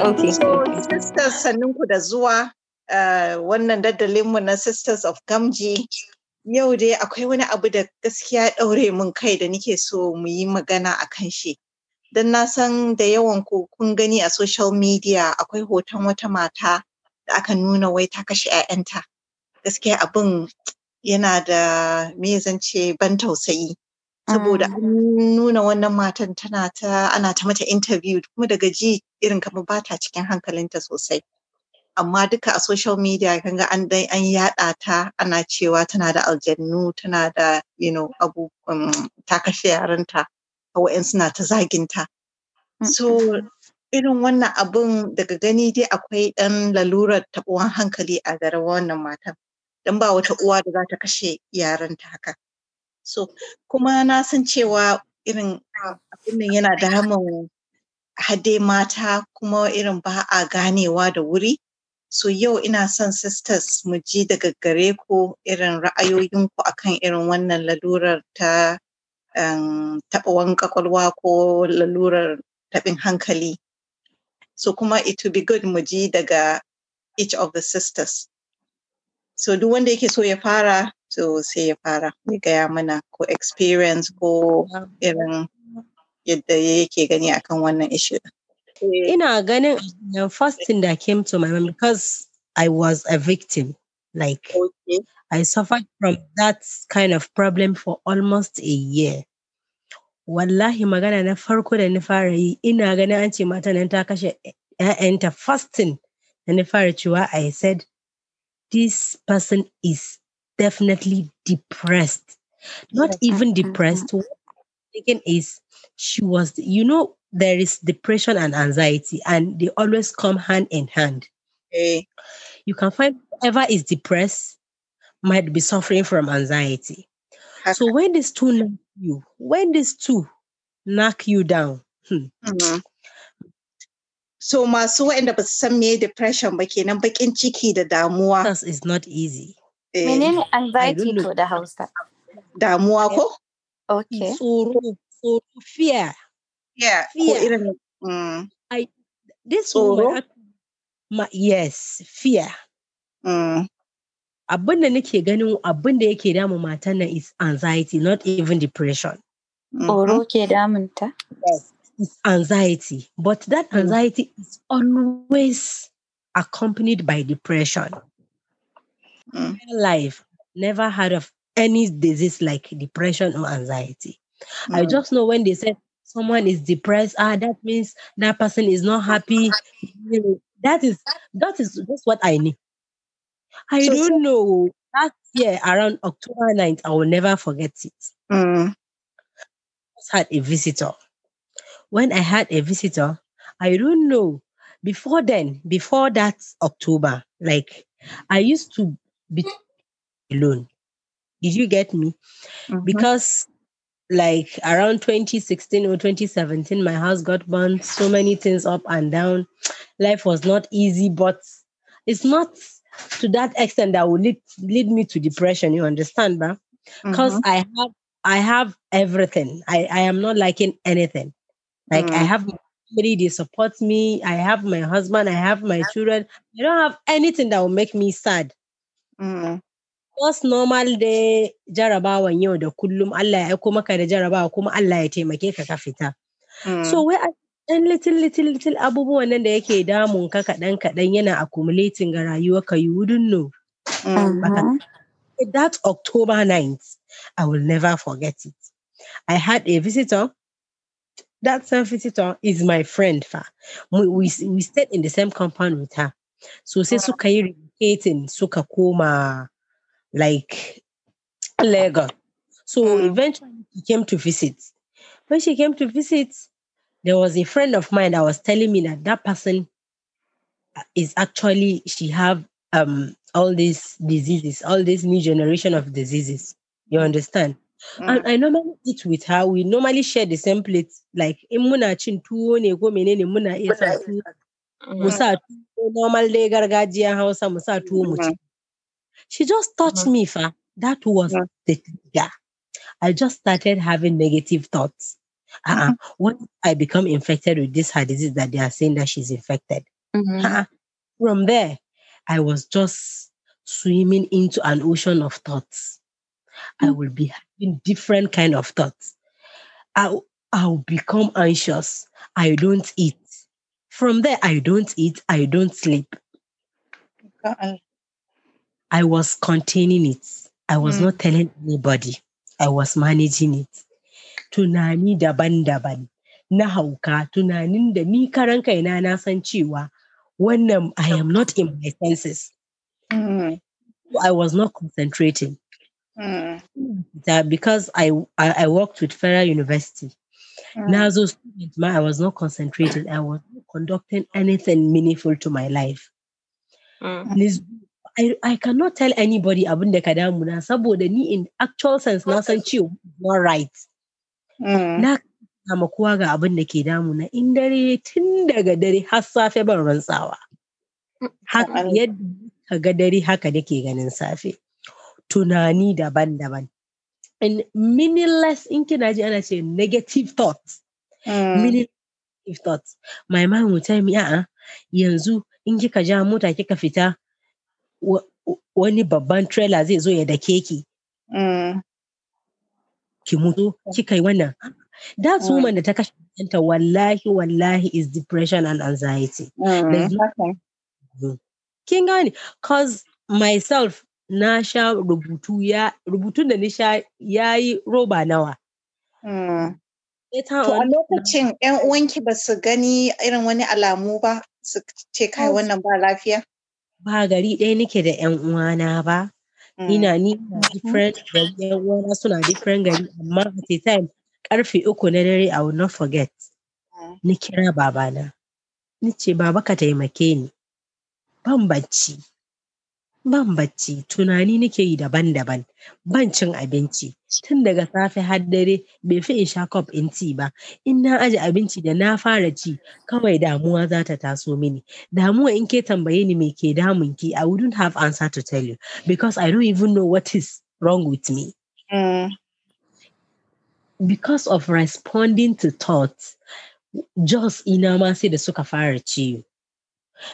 sisters sanninku da zuwa eh, wannan daddalinmu na Sisters of Gamji. Yau dai akwai wani abu da gaskiya ɗaure mun kai da nike so mu yi magana a kan shi. Don na san da yawan ku kun gani a social media akwai hoton wata mata da aka nuna wai ta kashe 'ya'yanta. Gaskiya abin yana da me zan ce ban tausayi. saboda an ah. nuna wannan matan tana ta ana ta mata interview kuma daga ji irin kamar ba ta cikin hankalinta sosai amma duka a social media kan ga an dai an yada ta ana cewa tana da aljannu tana da you know abu um, ta kashe yaranta kawai suna ta zaginta so irin wannan abun daga gani dai akwai ɗan lalurar tabuwan hankali a garin wannan matan dan ba wata uwa da za ta kashe yaranta haka So, kuma na san cewa irin abin yana da damun hade mata kuma irin ba a ganewa da wuri. So yau ina son sisters mu ji daga gare ku irin ra'ayoyin ku akan irin wannan lalurar ta um, taɓawan ƙwaƙwalwa ko lalurar taɓin hankali. So kuma it will be good mu ji daga each of the sisters. So duk wanda yake so ya fara To say para fara ya gaya mana ko experience ko irin yadda yake gani akan wannan issue. Eh, ina ganin the first thing that came to my mind because I was a victim. Like okay. I suffered from that kind of problem for almost a year. Wallahi magana na farko da na fara yi ina ganin an ce mata nan ta kashe ‘ya'yanta fasting da na fara cewa I said this person is definitely depressed. Not even depressed. What is she was, you know, there is depression and anxiety, and they always come hand in hand. Okay. Eh. You can find whoever is depressed might be suffering from anxiety. Okay. So when these two knock you, when these two knock you down, hmm. mm-hmm. so masu end up su san me depression ba kenan bakin ciki da the This is not easy. Eh, menene anxiety to da hausa damuwa ko okay tsoro tsoro fear yeah ko irin mm. i this tsoro ma yes fear mm. abin da nake ganin abin da yake damu matan nan is anxiety not even depression mm-hmm. tsoro ke damunta yes it's anxiety but that mm. anxiety mm. is always accompanied by depression mm. life never heard of any disease like depression or anxiety. Mm. I just know when they said someone is depressed, ah, that means that person is not happy. that is that is just what I knew. I so, don't know. Yeah, year around October 9th, I will never forget it. Mm. I had a visitor. When I had a visitor, I don't know. Before then, before that October, like I used to alone. Did you get me? Mm-hmm. Because like around 2016 or 2017, my house got burned, so many things up and down. Life was not easy, but it's not to that extent that will lead, lead me to depression, you understand, ba? Because mm-hmm. I have I have everything. I, I am not lacking anything. Like mm. I have family, they support me. I have my husband, I have my children. I don't have anything that will make me sad. Just mm. normal dai jarabawan yau da kullum Allah ya aiko maka da jarabawa kuma Allah ya taimake ka ka fita. So mm. we a ɗan little little little abubuwan nan da yake damun ka kaɗan kaɗan yana accumulating ga rayuwa ka you wouldn't know. Mm-hmm. Eh, that October 9th, I will never forget it. I had a visitor. That same visitor is my friend. Fa. We, we, we stayed in the same compound with her. So sai mm. suka yi Eating suka koma like lego, So mm. eventually he came to visit. When she came to visit, there was a friend of mine that was telling me that that person uh, is actually she have um all these diseases, all this new generation of diseases. You understand? Mm. And I normally eat with her. We normally share the same plate. Like, mu mm. normal dai gargajiya hausa mu tuwo mu ci mm. she just touched mm. me fa that was the trigger i just started having negative thoughts uh uh-uh. mm-hmm. What I become infected with this heart disease that they are saying that she's infected? uh From there, I was just swimming into an ocean of thoughts. I will be having different kind of thoughts. I I'll become anxious. I don't eat. From there, I don't eat, I don't sleep. Uh-uh. I was containing it. I was mm. not telling anybody. I was managing it. Tunani daban-daban na hauka tunanin da ni karanka ina na san cewa wannan I am not in my senses. Mm. I was not concentrating. Mm. That because I, I, I worked with Federal University. Mm. Now, I was not concentrating. I was conducting anything meaningful to my life. Mm. I, I cannot tell anybody abin da ka damu saboda ni in actual sense na san ciwo not right. Mm. Na kama kowa ga abin da ke damu na in dare tun daga dare har safe ban rantsawa. Haka mm. yadda ga dare haka nake ganin safe. Tunani daban-daban. And meaningless in kina ji ana ce negative thoughts. Mm. negative thoughts. My mind will tell me, a'a, yanzu in kika ja mota kika fita wani babban trailer zai zo ya dake ki. Mm. Ki mutu, kika yi wannan. That mm. woman da ta kashe kanta wallahi wallahi is depression and anxiety. Mm, Kin gane, cause myself na sha rubutu ya rubutun da ni sha yayi roba nawa. To a lokacin ƴan uwanki ba su gani irin wani alamu ba su ce kai wannan ba lafiya? Ba gari ɗaya nake da ‘yan uwana ba. Ina ni mm. mm-hmm. different gari ƴan uwana suna different gari amma at the time karfe uku na dare I will not forget. Mm. Ni kira babana. Ni ce baba ka taimake ni. Ban bacci. ban bacci tunani nake yi daban-daban ban cin abinci tun daga safe har dare bai fi in sha cup in ci ba in na aje abinci da na fara ci kawai damuwa za ta taso mini damuwa in ke tambaye ni me ke damun ki i wouldn't have answer to tell you because i don't even know what is wrong with me mm. because of responding to thoughts just ina ma sai da suka fara ciwo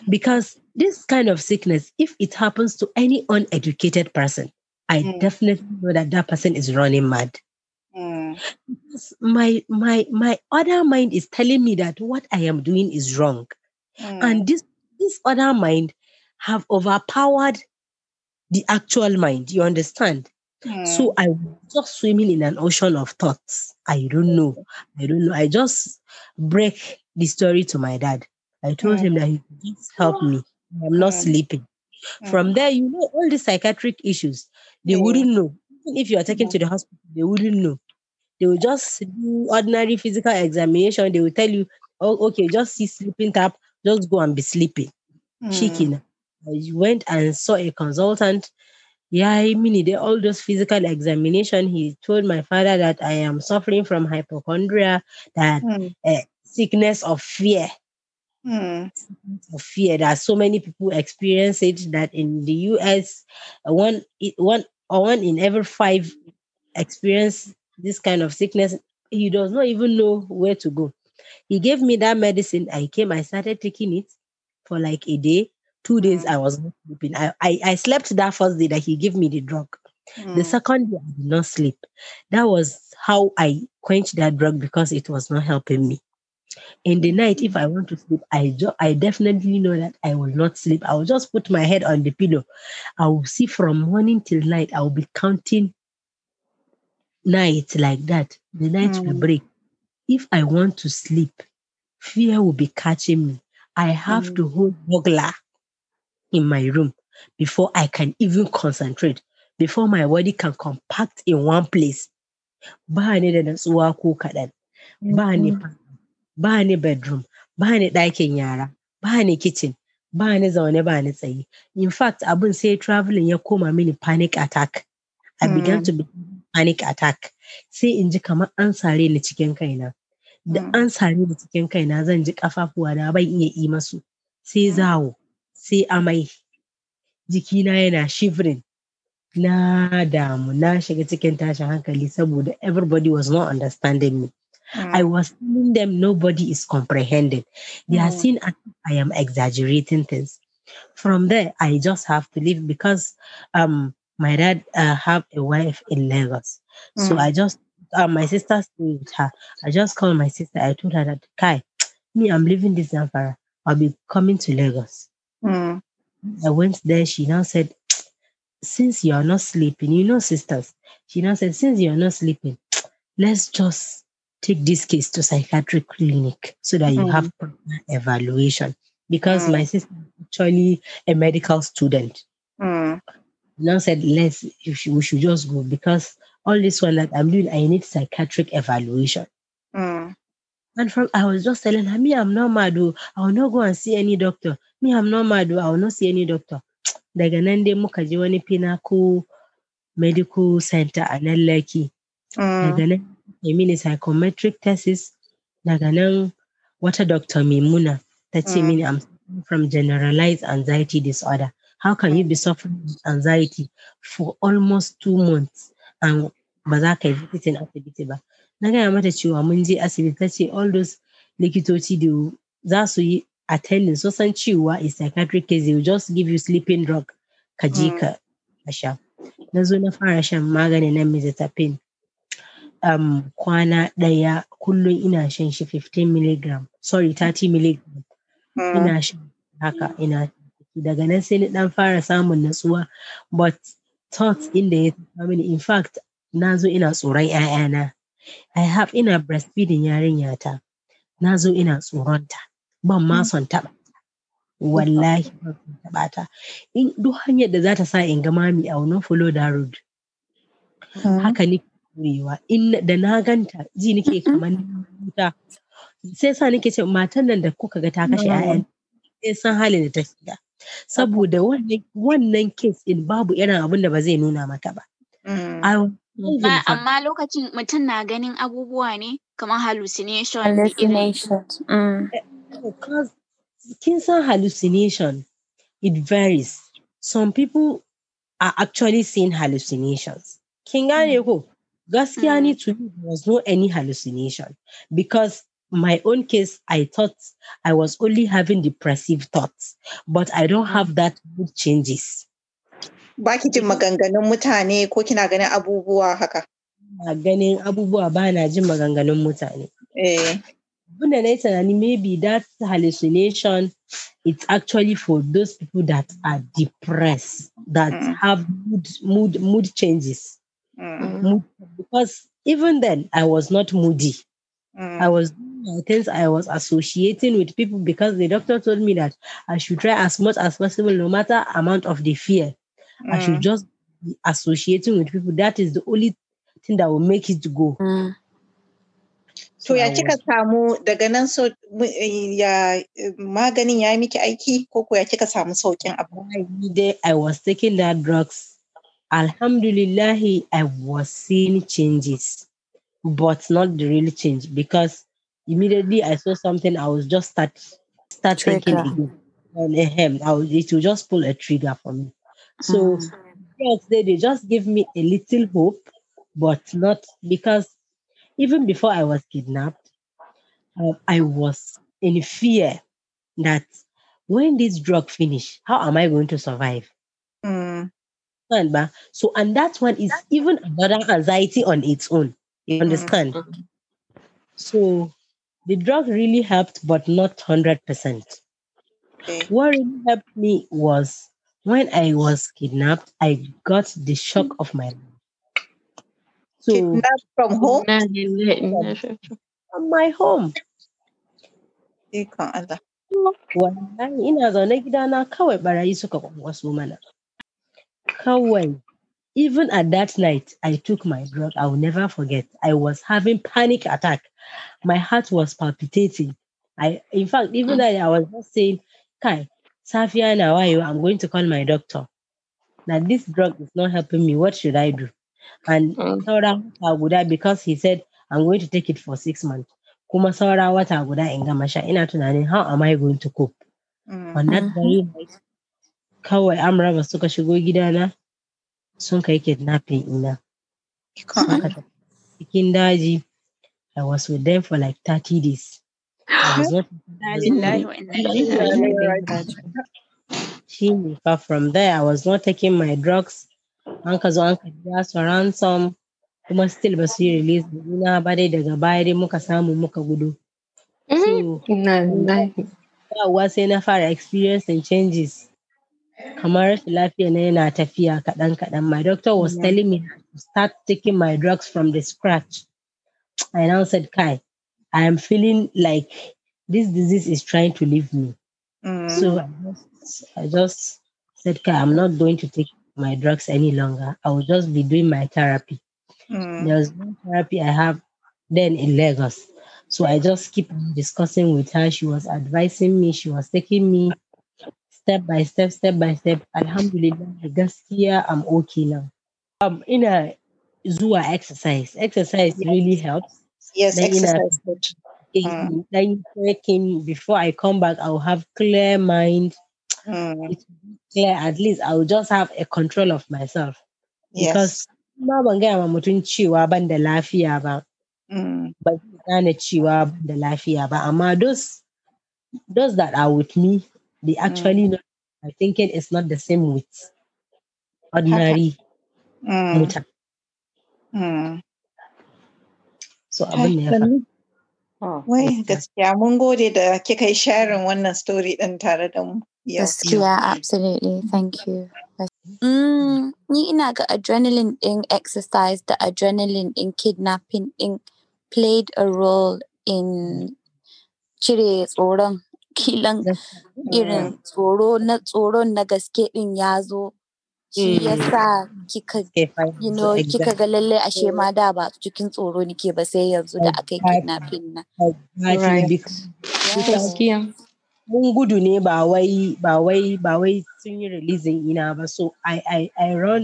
because this kind of sickness, if it happens to any uneducated person, I mm. definitely know that that person is running mad. Mm. My my my other mind is telling me that what I am doing is wrong, mm. and this this other mind have overpowered the actual mind. You understand? So mm. I was just swimming in an ocean of thoughts. I don't know. I don't know. I just break the story to my dad. I told mm. him that he just help me. I'm not mm. sleeping. From mm. there, you know all the psychiatric issues. They wouldn't know. Even if you are taken to mm. the hospital, they wouldn't know. They will just do ordinary physical examination. They will tell you, oh, okay, just see sleeping tap, just go and be sleeping. Chicken. I went and saw a consultant. Yeah, I mean, he all those physical examination. He told my father that I am suffering from hypochondria, that mm. uh, sickness of fear. Mm. fear. There are so many people experience it that in the US, uh, one in every five experience this kind of sickness. He does not even know where to go. He gave me that medicine. I came. I started taking it for like a day, two days. Mm. I was sleeping. I, I I slept that first day that he gave me the drug. Mm. The hmm. second day I did not sleep. That was how I quenched that drug because it was not helping me in the night if i want to sleep i jo- i definitely know that i will not sleep i will just put my head on the pillow i will see from morning till night i will be counting nights like that the night mm. will hmm. break if i want to sleep fear will be catching me i have mm. to hmm. hold burglar in my room before i can even concentrate before my body can compact in one place ba ne ba ni bedroom ba ni ɗakin yara ba ni kitchen ba ni zaune ba ni tsaye in fact abin sai traveling ya koma mini panic attack i began to hmm. be panic attack sai in ji kamar an sare ni cikin kaina da hmm. an sare ni cikin kaina zan ji kafafuwa na bai iya yi masu sai hmm. zawo sai amai jikina yana shivering na damu na shiga cikin tashin hankali saboda everybody was not understanding me Mm. I was telling them nobody is comprehended. They mm. are seen as I am exaggerating things. From there, I just have to leave because um my dad uh, have a wife in Lagos. Mm. So I just uh, my sister stayed with her. I just called my sister. I told her that Kai, me, I'm leaving this Zamfara. I'll be coming to Lagos. Mm. I went there. She now said, since you are not sleeping, you know, sisters. She now said, since you are not sleeping, let's just take this case to psychiatric clinic so that you have have mm-hmm. evaluation because mm. my sister actually a medical student mm. now said let's should, we should just go because all this one that i'm doing i need psychiatric evaluation mm. and from i was just telling her me i'm not mad oh. i will not go and see any doctor me i'm not mad oh. i will not see any doctor daga nan dai medical center a yi mini psychometric thesis daga nan wata Dr. Mimuna ta ce mm. mini I'm from generalized anxiety disorder. How can you be suffering anxiety for almost two months and ba za ka yi visitin asibiti ba. Na gaya mata cewa mun je asibiti ta ce all those likitoci da za su yi attending so san cewa a psychiatric case they will just give you sleeping drug ka je mm. ka sha. Na zo na fara shan maganin na mizitapine um, kwana ɗaya kullum ina shan shi 15 mg sorry 30 mg hmm. ina shan haka ina daga nan sai ni dan fara samun natsuwa but thought in da ya mini in fact na zo ina tsoron 'ya'yana i have ina breastfeeding yarinya ta na zo ina tsoronta ban ma hmm. son taɓa wallahi ban son taɓa ta in duk hanyar da za ta sa in ga mami a wannan follow that road hmm. haka ni jurewa da na ganta ji nake kamar wuta sai sa nake ce matan nan da kuka ga ta kashe ƴaƴan sai san halin da ta shiga saboda wannan wannan case din babu irin abin da ba zai nuna mata ba mm. amma lokacin mutum na ganin abubuwa ne kamar hallucination mm. eh, oh, kin san hallucination it varies some people are actually seeing hallucinations kin gane mm. ko Gaskiani mm. to me was no any hallucination because my own case, I thought I was only having depressive thoughts, but I don't have mm. that mood changes. Baki jin maganganun mutane ko kina ganin abubuwa haka? Ganin abubuwa ba na jin maganganun mutane. Eh. Abinda na yi tunani maybe that hallucination it's actually for those people that are depressed, that mm. have mood, mood, mood changes. Mm. Mood because even then, I was not moody. Mm. I was things I was associating with people because the doctor told me that I should try as much as possible, no matter amount of the fear. Mm. I should mm. just be associating with people. That is the only thing that will make it go. Mm. I ya kika samu daga nan so ya maganin ya miki aiki ko ko ya kika samu saukin abu? I was taking that drugs Alhamdulillah, I was seeing changes, but not the real change because immediately I saw something, I was just start start trigger. thinking again. I was, it will just pull a trigger for me. So mm. yes, they, they just give me a little hope, but not because even before I was kidnapped, uh, I was in fear that when this drug finish, how am I going to survive? Mm understand, ba? So, and that one is even another anxiety on its own. You mm-hmm. understand? Mm-hmm. So, the drug really helped, but not 100%. Okay. What really helped me was when I was kidnapped, I got the shock of my life. So, kidnapped from home? From my home. Well, ina zaune gidana kawai barayi suka kwakwaso mana. How when? even at that night, I took my drug. I will never forget. I was having panic attack. My heart was palpitating. I, in fact, even mm. I was just saying, Kai, Safia, now I'm going to call my doctor. Now this drug is not helping me. What should I do? And mm. Sora I? because he said, I'm going to take it for six months. Kuma Sora Wataguda Engamasha, ina tunanin, how am I going to cope? Mm. On that mm-hmm. very night, kawai suka shigo gidana sun kai kidnapping ina cikin daji i was with them for like 30 days she from there i was not taking my drugs an ka zo an ka biya su ransom kuma still ba su yi release da juna ba dai daga baya dai muka samu muka gudu mm-hmm. so sai na fara experience and changes kamar lafiya na yana tafiya kaɗan kaɗan. My doctor was yeah. telling me to start taking my drugs from the scratch. I now said, Kai, I am feeling like this disease is trying to leave me. Mm. So I just, I just said, Kai, I'm not going to take my drugs any longer. I will just be doing my therapy. Mm. There was therapy I have then in Lagos. So I just keep discussing with her. She was advising me, she was taking me step by step step by step alhamdulillah gaskiya I'm okay now um a zuwa exercise exercise yes. really helps yes then exercise eh, mm. then working before I come back I'll have clear mind mm. clear at least I'll just have a control of myself yes. because ma ban gaya ma mutum but ban da lafiya ba mm. ba gane cewa da lafiya ba amma those those that are with me they actually mm. i thinking it's not the same with ordinary mm. muta. Mm. So abin ya oh. Wai gaskiya mun gode da kika yi sharing wannan story din tare da mu. Gaskiya absolutely thank you. Mm. mm, ni ina ga adrenaline in exercise da adrenaline in kidnapping in played a role in cire tsoron kilan irin tsoro na tsoro na gaske din ya zo shi mm. sa kika you know kika ga lalle ashe ma da ba cikin tsoro nike ba sai yanzu da aka yi kidnapping na mun gudu ne ba wai ba wai ba wai sun yi releasing ina ba so i i i run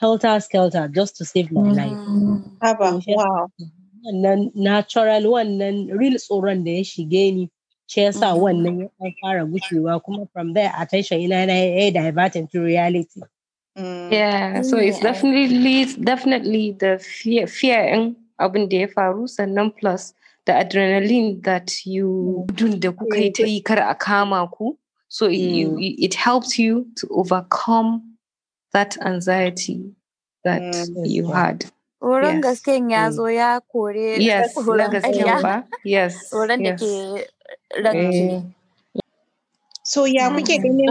helter skelter just to save my mm. life mm. haba wow wannan natural wannan real tsoron da ya shige ni shi when mm-hmm. wannan ya from there attention in na ya diverting reality mm. yeah so it's definitely definitely the fear fear in da the faru plus the adrenaline that you mm. do da kuka the ta so it, you, mm. it helps you to overcome that anxiety that mm, you had ya kore yes da ke ragji eh. so ya kuke ah. ganin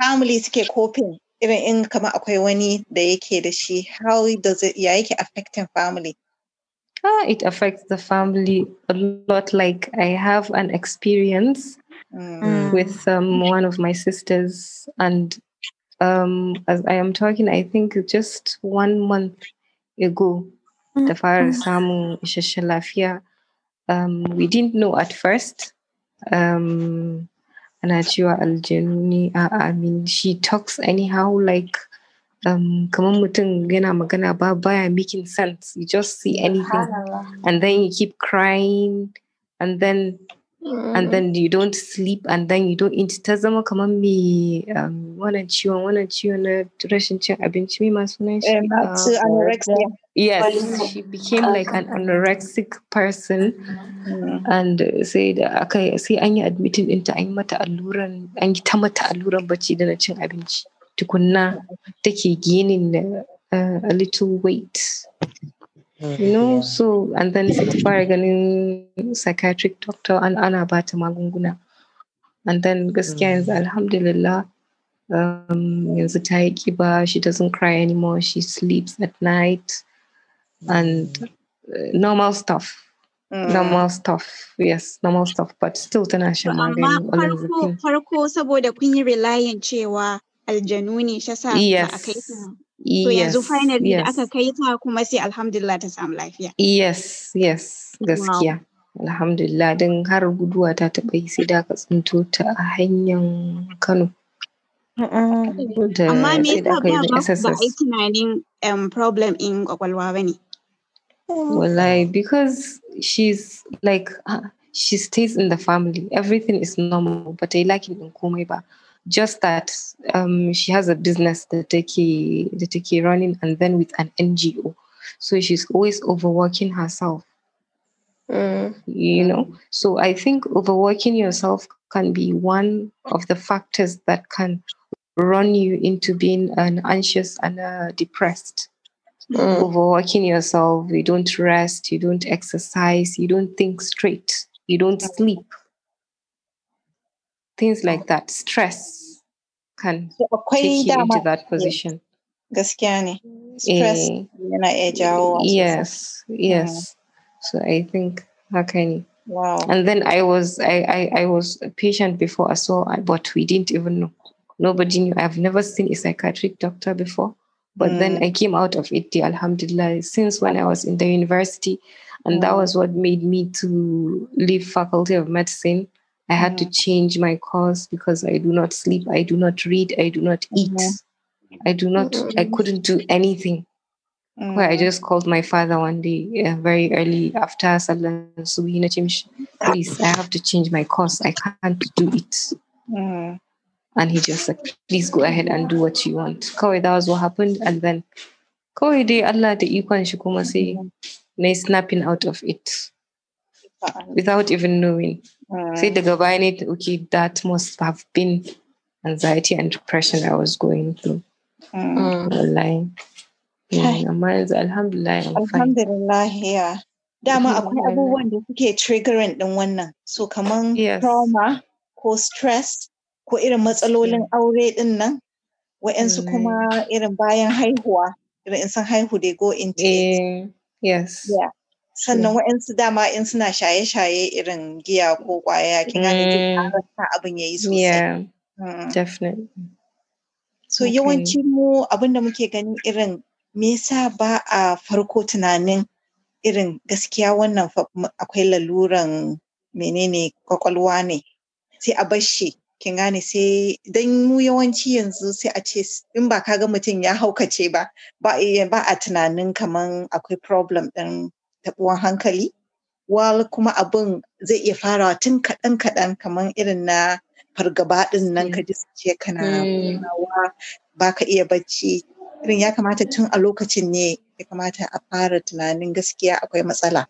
family suke coping irin in kama akwai wani da yake da shi how does it ya yake affecting family ah, it affects the family a lot like i have an experience mm. with um, one of my sisters and um, as i am talking i think just one month ago the mm. fire samu um, we didn't know at first um ana cewa aljanu I mean she talks anyhow like um kamar mutum yana magana ba baya making sense you just see anything and then you keep crying and then mm. and then you don't sleep and then you don't eat ta zama kamar me um wannan ciwon wannan ciwon na rashin cin abinci me ma sunan shi eh, uh, anorexia Yes, she became like an anorexic person mm-hmm. and said, okay, see, I'm yi admitting ɗinta an yi mata alluran an yi ta mata alluran bacci da na cin abinci take gaining uh, a little weight mm-hmm. you know yeah. so and then sai ta fara in psychiatric doctor and Anna bata magunguna and then gaskiya yanzu mm-hmm. alhamdulillah um, she doesn't cry anymore she sleeps at night and uh, normal stuff Mm. normal stuff yes normal stuff but still tana shan amma farko farko saboda kun yi relying cewa aljanu ne shi sa yes. a kai ta to yanzu finally da aka kai ta kuma sai alhamdulillah ta samu lafiya yes yes gaskiya alhamdulillah don har guduwa ta taɓa yi sai da aka tsinto ta a hanyar kano amma me yasa ba ba a yi tunanin um, problem in kwakwalwa ba ne Oh. Well, like because she's like uh, she stays in the family. Everything is normal, but I like in Kumeba. Just that um, she has a business that they that they running, and then with an NGO, so she's always overworking herself. Mm. You know, so I think overworking yourself can be one of the factors that can run you into being an anxious and uh, depressed mm. overworking yourself you don't rest you don't exercise you don't think straight you don't mm. sleep things like that stress can take you into that position eh, yes yes mm. so i think can you? wow and then i was I, I i was a patient before I saw but we didn't even know nobody knew i've never seen a psychiatric doctor before but mm. then I came out of it, alhamdulillah, since when I was in the university. And mm. that was what made me to leave Faculty of Medicine. I had mm. to change my course because I do not sleep, I do not read, I do not eat. Mm-hmm. I do not, I mm-hmm. couldn't do anything. Mm-hmm. Where I mm-hmm. just called my father one day, uh, very early after Salah Subhina Chimsh, please, I have to change my course. I can't do it. Mm-hmm. And he just like, please go ahead and do what you want. Kawai, that was what happened. And then kawai dai Allah da ikon shi say, sai na snapping out of it without even knowing. Say, the baya okay, that must have been anxiety and depression I was going through. Mm. Wallahi. Hmm, yeah, I'm alhamdulillah. Alhamdulillah, yeah. Dama akwai abubuwan da suke triggering din wannan. So kaman trauma ko stress ko irin matsalolin aure din nan wa'yansu mm. kuma irin bayan haihuwa irin in san haihu go into it. Eh, yes sannan wa'yansu dama in suna shaye-shaye irin giya ko kwaya kin gane mm. abin ya yi sosai yeah mm. definitely so yawanci mu abin da muke ganin irin me yasa ba a farko tunanin irin gaskiya wannan akwai laluran menene kwakwalwa ne sai a bar shi kin gane sai dan mu yawanci yanzu sai a ce in ba ka ga mutum ya haukace ba ba ba a tunanin kaman akwai problem ɗin taɓuwan hankali wal kuma abin zai iya farawa tun kaɗan kaɗan kaman irin na fargaba ɗin nan ka ji zuciya kana mm. ba ka iya bacci irin ya kamata tun a lokacin ne ya kamata a fara tunanin gaskiya akwai matsala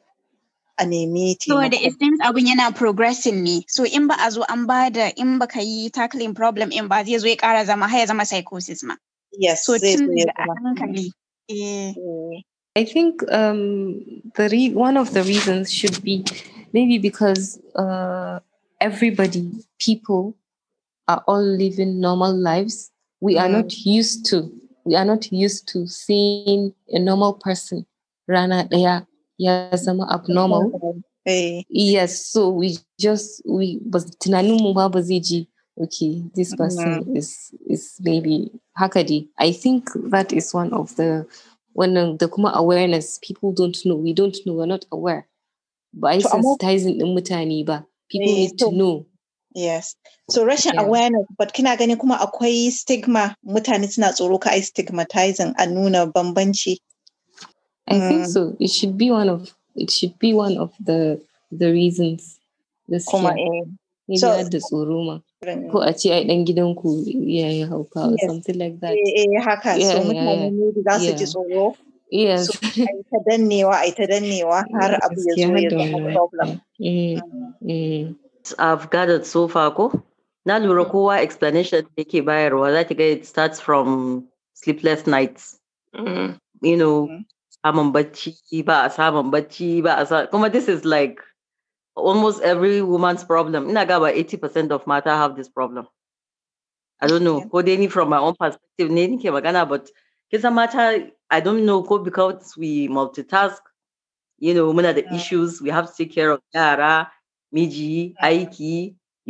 a nemi taimako. So the things abin yana progressing ne. So in ba a zo an ba da in ba ka yi tackling problem in ba zai zo ya kara zama haya zama psychosis ma. Yes. So tun da eh. eh. I think um, the re- one of the reasons should be maybe because uh, everybody, people, are all living normal lives. We are mm. not used to. We are not used to seeing a normal person rana daya I'm abnormal eh. yes so we just we ba okay this mm. person is is maybe hakadi. i think that is one of the when the kuma awareness people don't know we don't know we're not aware ba ai sensitizing din people eh, need to know Yes. So rashin yeah. awareness, but kina gani kuma akwai stigma mutane suna tsoro ka stigmatizing a nuna bambanci I mm. think so. It should be one of it should be one of the the reasons. This Kuma eh. so, had this uruma. Mm. Ko a ce ai dan gidanku something like that. Eh eh haka so mutane ne za su ji tsoro. har abu ya zo ya zama problem. Eh, eh. Mm. I've gathered so far ko? Na lura mm. kowa explanation da yake bayarwa za ki ga it starts from sleepless nights. Mm. You know, mm samun bacci ba a samun bacci ba a kuma this is like almost every woman's problem ina ga ba 80% of mata have this problem i don't know ko dai ni from my own perspective ne nike magana but kisan mata i don't know ko because we multitask you know muna da issues we have to take care of yara miji aiki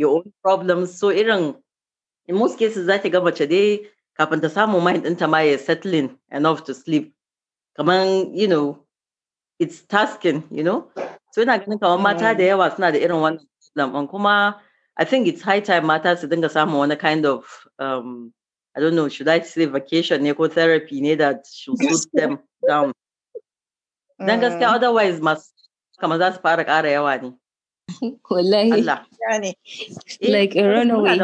your own problems so irin in most cases za ta ga mace dai kafin ta samu mind ɗinta ma ya settling enough to sleep Come on, you know it's tasking you know so when I kamar mata matter, there was not the wannan problem kuma I think it's high time to think dinga someone a kind of um, I don't know should I say vacation ecotherapy, ne that should suit them down dan gaskiya mm. otherwise must come as su fara area one. Allah eh, like a runaway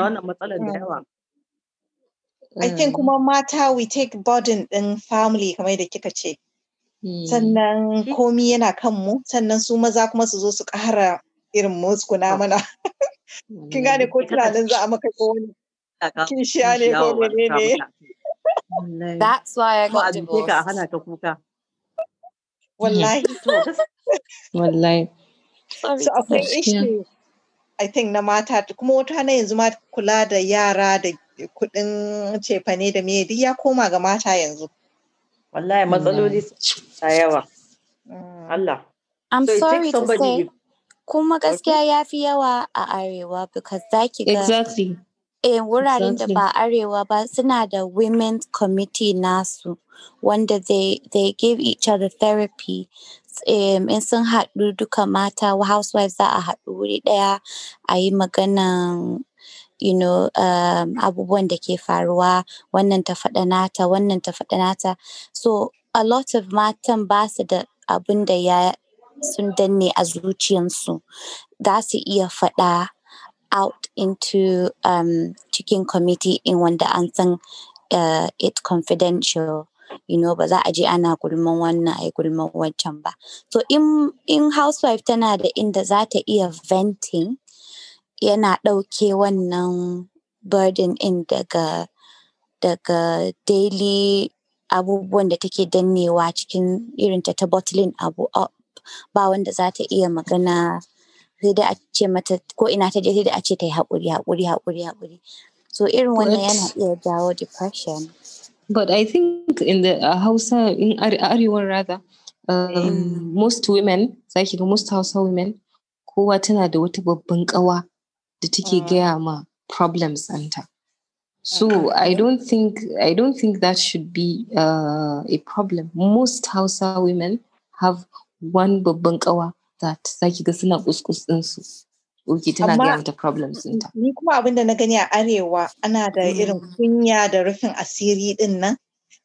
I think mm. kuma mata we take burden din family kamar da kika ce. Hmm. Sannan hmm. komi yana kan mu, sannan su maza kuma su zo su ƙara irin na ah. mana. Hmm. Kin gane ko tunanin za a maka ko wani Kin sha ne ko ne That's why I got divorced. Ko a hana ka kuka. Wallahi. Wallahi. So akwai issue I think na mata kuma wata na yanzu ma kula da yara da kuɗin cefane da me duk ya koma ga mata yanzu. Wallahi matsaloli mm. ta yawa. Mm. Allah. I'm sorry to say, kuma gaskiya ya fi yawa a arewa because za ki ga exactly. eh, wuraren da ba arewa ba suna da women's committee nasu wanda they, they give each other therapy um, in sun haɗu duka mata housewives za a haɗu wuri ɗaya a yi maganan you know um, abubuwan da ke faruwa wannan ta faɗa nata wannan ta faɗa nata so a lot of matan ba su da abin da ya sun danne a zuciyansu za su iya faɗa out into um, chicken committee in wanda an san uh, it confidential you know ba za a je ana gulman wannan ai gulman wancan ba so in in housewife tana da inda za ta iya venting yana ɗauke wannan burden in daga daga daily abubuwan da take dannewa cikin irin ta bottling abu ba wanda za ta iya magana sai a ce mata ko ina ta je sai a ce ta yi haƙuri haƙuri haƙuri haƙuri so irin wannan yana iya jawo depression but i think in the uh, hausa uh, in arewan rather um, mm. most women zaki ga most hausa women kowa tana da wata babban ƙawa da take mm. gaya ma problems ɗinta so mm. i don't think i don't think that should be uh, a problem most hausa women have one babban kawa that zaki ga suna kuskus ɗinsu Oke tana gaya mata problems ɗinta. Ni kuma abin da na gani a arewa ana da mm. irin kunya da rufin asiri ɗin nan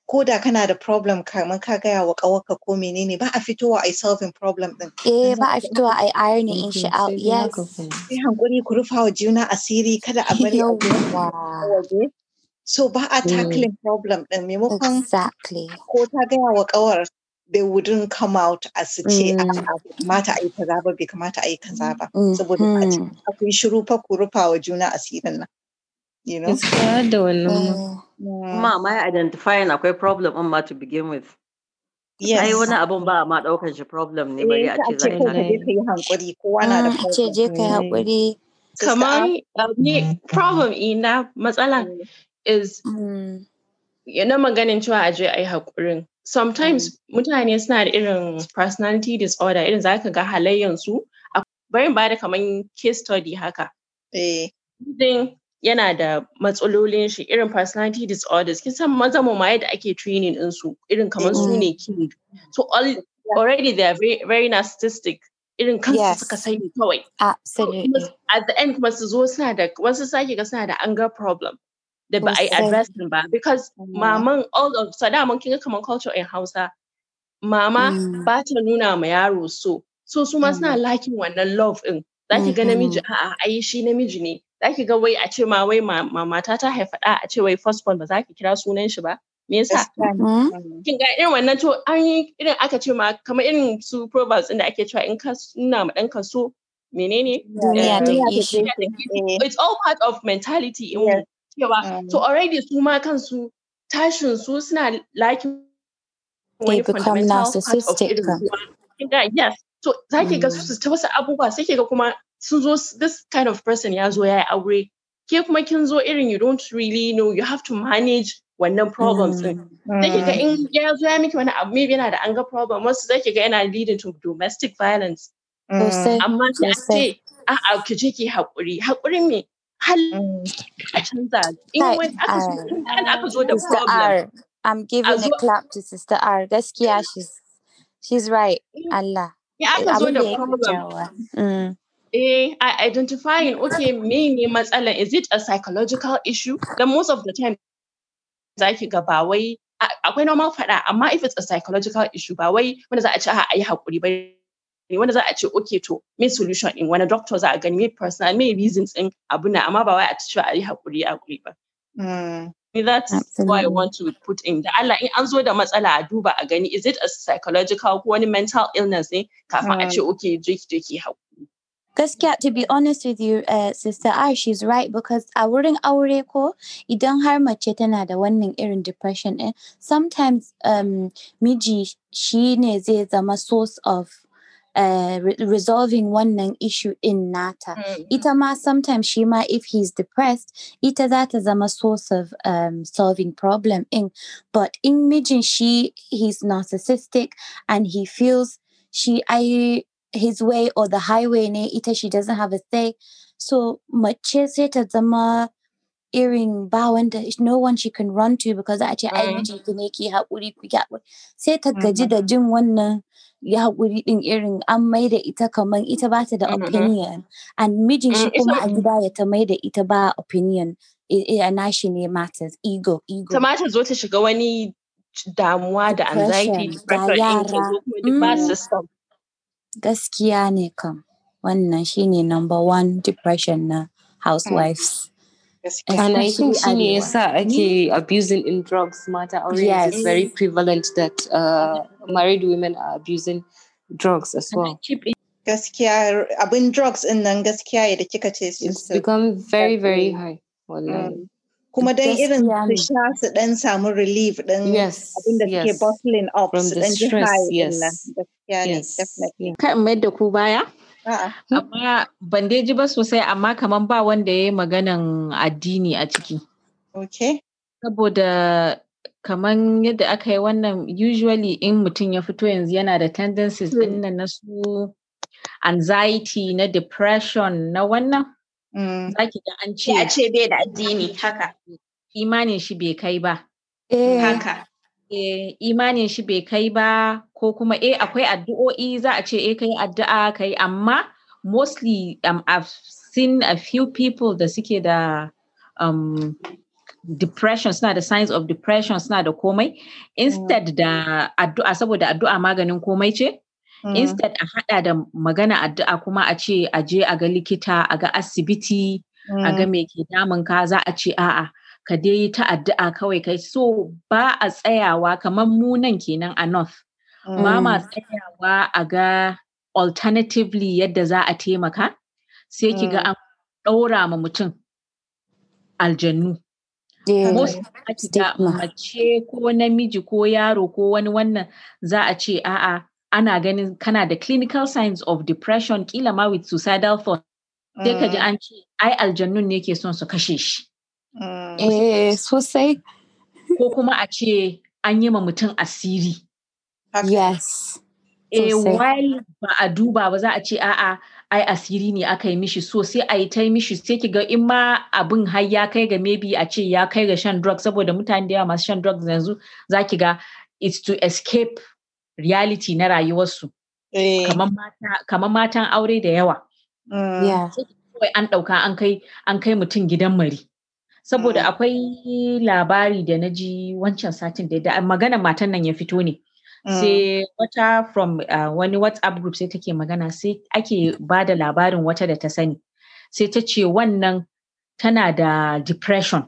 ko da kana da problem kamar ka gaya wa kawarka ko menene ba a fitowa a solving problem din eh ba a fitowa ai ironing in shi out yes sai hankuri ku rufa wa juna asiri kada a bari so ba a hmm. tackling problem din maimakon ko ta gaya wa kawar they wouldn't come out as a ce mm. a a ai kaza ba bai kamata ai kaza ba saboda a cikin mm-hmm. shiru fa ku rufa wa juna asirin nan you know da wannan Kuma ma identifying akwai problem in ma to begin with. Yes. Ai wani abun ba ma daukan shi problem ne bari eh, a ce za a yi hankuri kowa na da ah, problem. Ce je kai hankuri. Kamar uh, ni mm. problem ina matsala mm. is mm. na maganin cewa a je a yi hakurin. Sometimes mutane suna da irin personality disorder irin za ka ga halayyansu. Barin ba da kamar case study haka. Eh. yana da matsalolin shi irin personality disorders kin san maza mu ma yadda ake training din su irin kamar su mm. ne king so all, already they are very, very narcissistic irin kansu suka sani kawai at the end kuma su zo suna da wasu sake ga suna da anger problem da ba a yi addressing ba because mm. maman all of so da mun kinga kamar culture in Hausa mama mm. ba ta nuna ma yaro so so su ma suna lakin wannan love din zaki ga mm-hmm. namiji a'a ai shi namiji ne za ki ga wai a ce ma wai mamata ta haifa ɗa a ce wai born ba za ki kira sunan shi ba me yasa hmm? hmm. kin ga irin wannan to an yi irin aka ce ma kamar irin su proverbs da ake cewa in ka suna ma danka so menene duniya eh, ta kishi eh. it's all part of mentality in cewa to already su ma kansu tashin su suna lakin they become narcissistic of irin yes to zaki ga hmm. su ta wasu abubuwa sai ga kuma sun zo this kind of person ya zo ya yi aure ke kuma kin zo irin you don't really know you have to manage wannan problems din problems. Mm. ki ga mm. in ya zo ya miki wani abu maybe yana da anger problem wasu zai ki ga yana leading to domestic violence mm. amma sai a ce a'a ki je ki haƙuri haƙurin me hal a canza in wani aka zo da problem I'm giving a clap to Sister R. Gaskiya she's she's right. Allah. Yeah, aka zo da problem. Eh, I identifying, okay, me matsala, is it a psychological issue? The most of the time, za ki ga ba wai akwai normal faɗa amma if it's a psychological issue ba wai wanda za a ci a yi haƙuri ba ne wanda za a ce okay to me solution in wani doctor za a gani me personal me reasons in abu na amma ba wai a ci a yi haƙuri a guri ba. Hmm. That's Absolutely. what I want to put in. Da Allah in an zo da matsala a duba a gani is it a psychological ko wani mental illness ne kafin a hmm. ce okay je ki je ki haƙuri. Gaskiya yeah, to be honest with you, uh, Sister R, she's right because a wurin aure ko idan har mace tana da one irin depression ɗin, eh? sometimes um, miji she is zai um, source of uh, re resolving wannan issue in nata. Mm. sometimes she ma if he's depressed, ita that is ta um, source of um, solving problem in. But in mijin she he's narcissistic and he feels she, I his way or the highway ne ita she doesn't have a say so it sai ta zama irin bow wanda no one she can run to because actually i ai you mm. ne make haƙuri ku haƙuri sai that gaji da mm-hmm. jin wannan ya haƙuri ɗin irin an mai ita kaman ita ba ta da mm-hmm. opinion and mijin shi mm, kuma a gida ya ta mai ita ba opinion a nashi ne matters ego ego ta mata zo ta shiga wani damuwa da anxiety da yara ba mm. system Gaskiya ne kam. Wannan shine number one depression na housewives. Hmm. And I think shine yasa ake abusing in drugs mata aure yes. is very prevalent that uh, married women are abusing drugs as well. Gaskiya abin drugs in nan gaskiya da kika ce It's become very very high. Wallahi. Hmm. kuma don irin su sha su dan samu relief din abinda suke bottling up su dan ji high kan mai da ku baya hmm? amma ban dai ji ba sosai amma kaman ba wanda ya yi maganan addini a ciki okay saboda kaman yadda aka yi wannan usually in mutum ya fito yanzu yana da tendencies din na su anxiety na depression na wannan Mm. Zaki ga an ce. Ya ce bai da addini haka. Imanin shi bai kai ba. Eh. Haka. Eh, imanin shi bai kai ba ko kuma e akwai addu'o'i za a ce eh kai addu'a kai amma mostly um, I've seen a few people da suke da um, depression suna da signs of depression suna da komai mm. instead da addu'a saboda addu'a maganin komai ce Mm. instead a haɗa da magana addu'a kuma a ce a je a ga likita a ga asibiti a ga mm. me ke damun ka za a ce a'a ka dai ta addu'a kawai kai so ba a tsayawa kamar mu nan kenan a north ba ma mm. tsayawa a ga alternatively yadda za a taimaka sai ki ga an ɗaura ma mutum aljannu eh, most mace ko namiji ko yaro ko wani wannan za a ce a'a ana ganin kana da clinical signs of depression kila ma with suicidal thoughts sai ka ji mm. an ce ai aljannun ne ke son su kashe shi mm. eh sosai ko kuma a ce an yi ma mutum asiri yes eh while ba a duba ba za a ce a'a ai asiri ne aka yi mishi so sai a yi ta mishi sai ki ga in ma abin har ya kai ga maybe a ce ya kai ga shan drugs saboda mutane da yawa masu shan drugs yanzu za ki ga it's to escape reality na rayuwarsu eh. kamar matan aure da yawa mm. kawai an ɗauka an kai an kai mutum gidan mari saboda mm. akwai labari da na ji wancan satin da magana matan nan ya fito ne mm. sai wata from ah, wani whatsapp group sai take magana sai ake ba da labarin wata da ta sani sai ta ce wannan tana da depression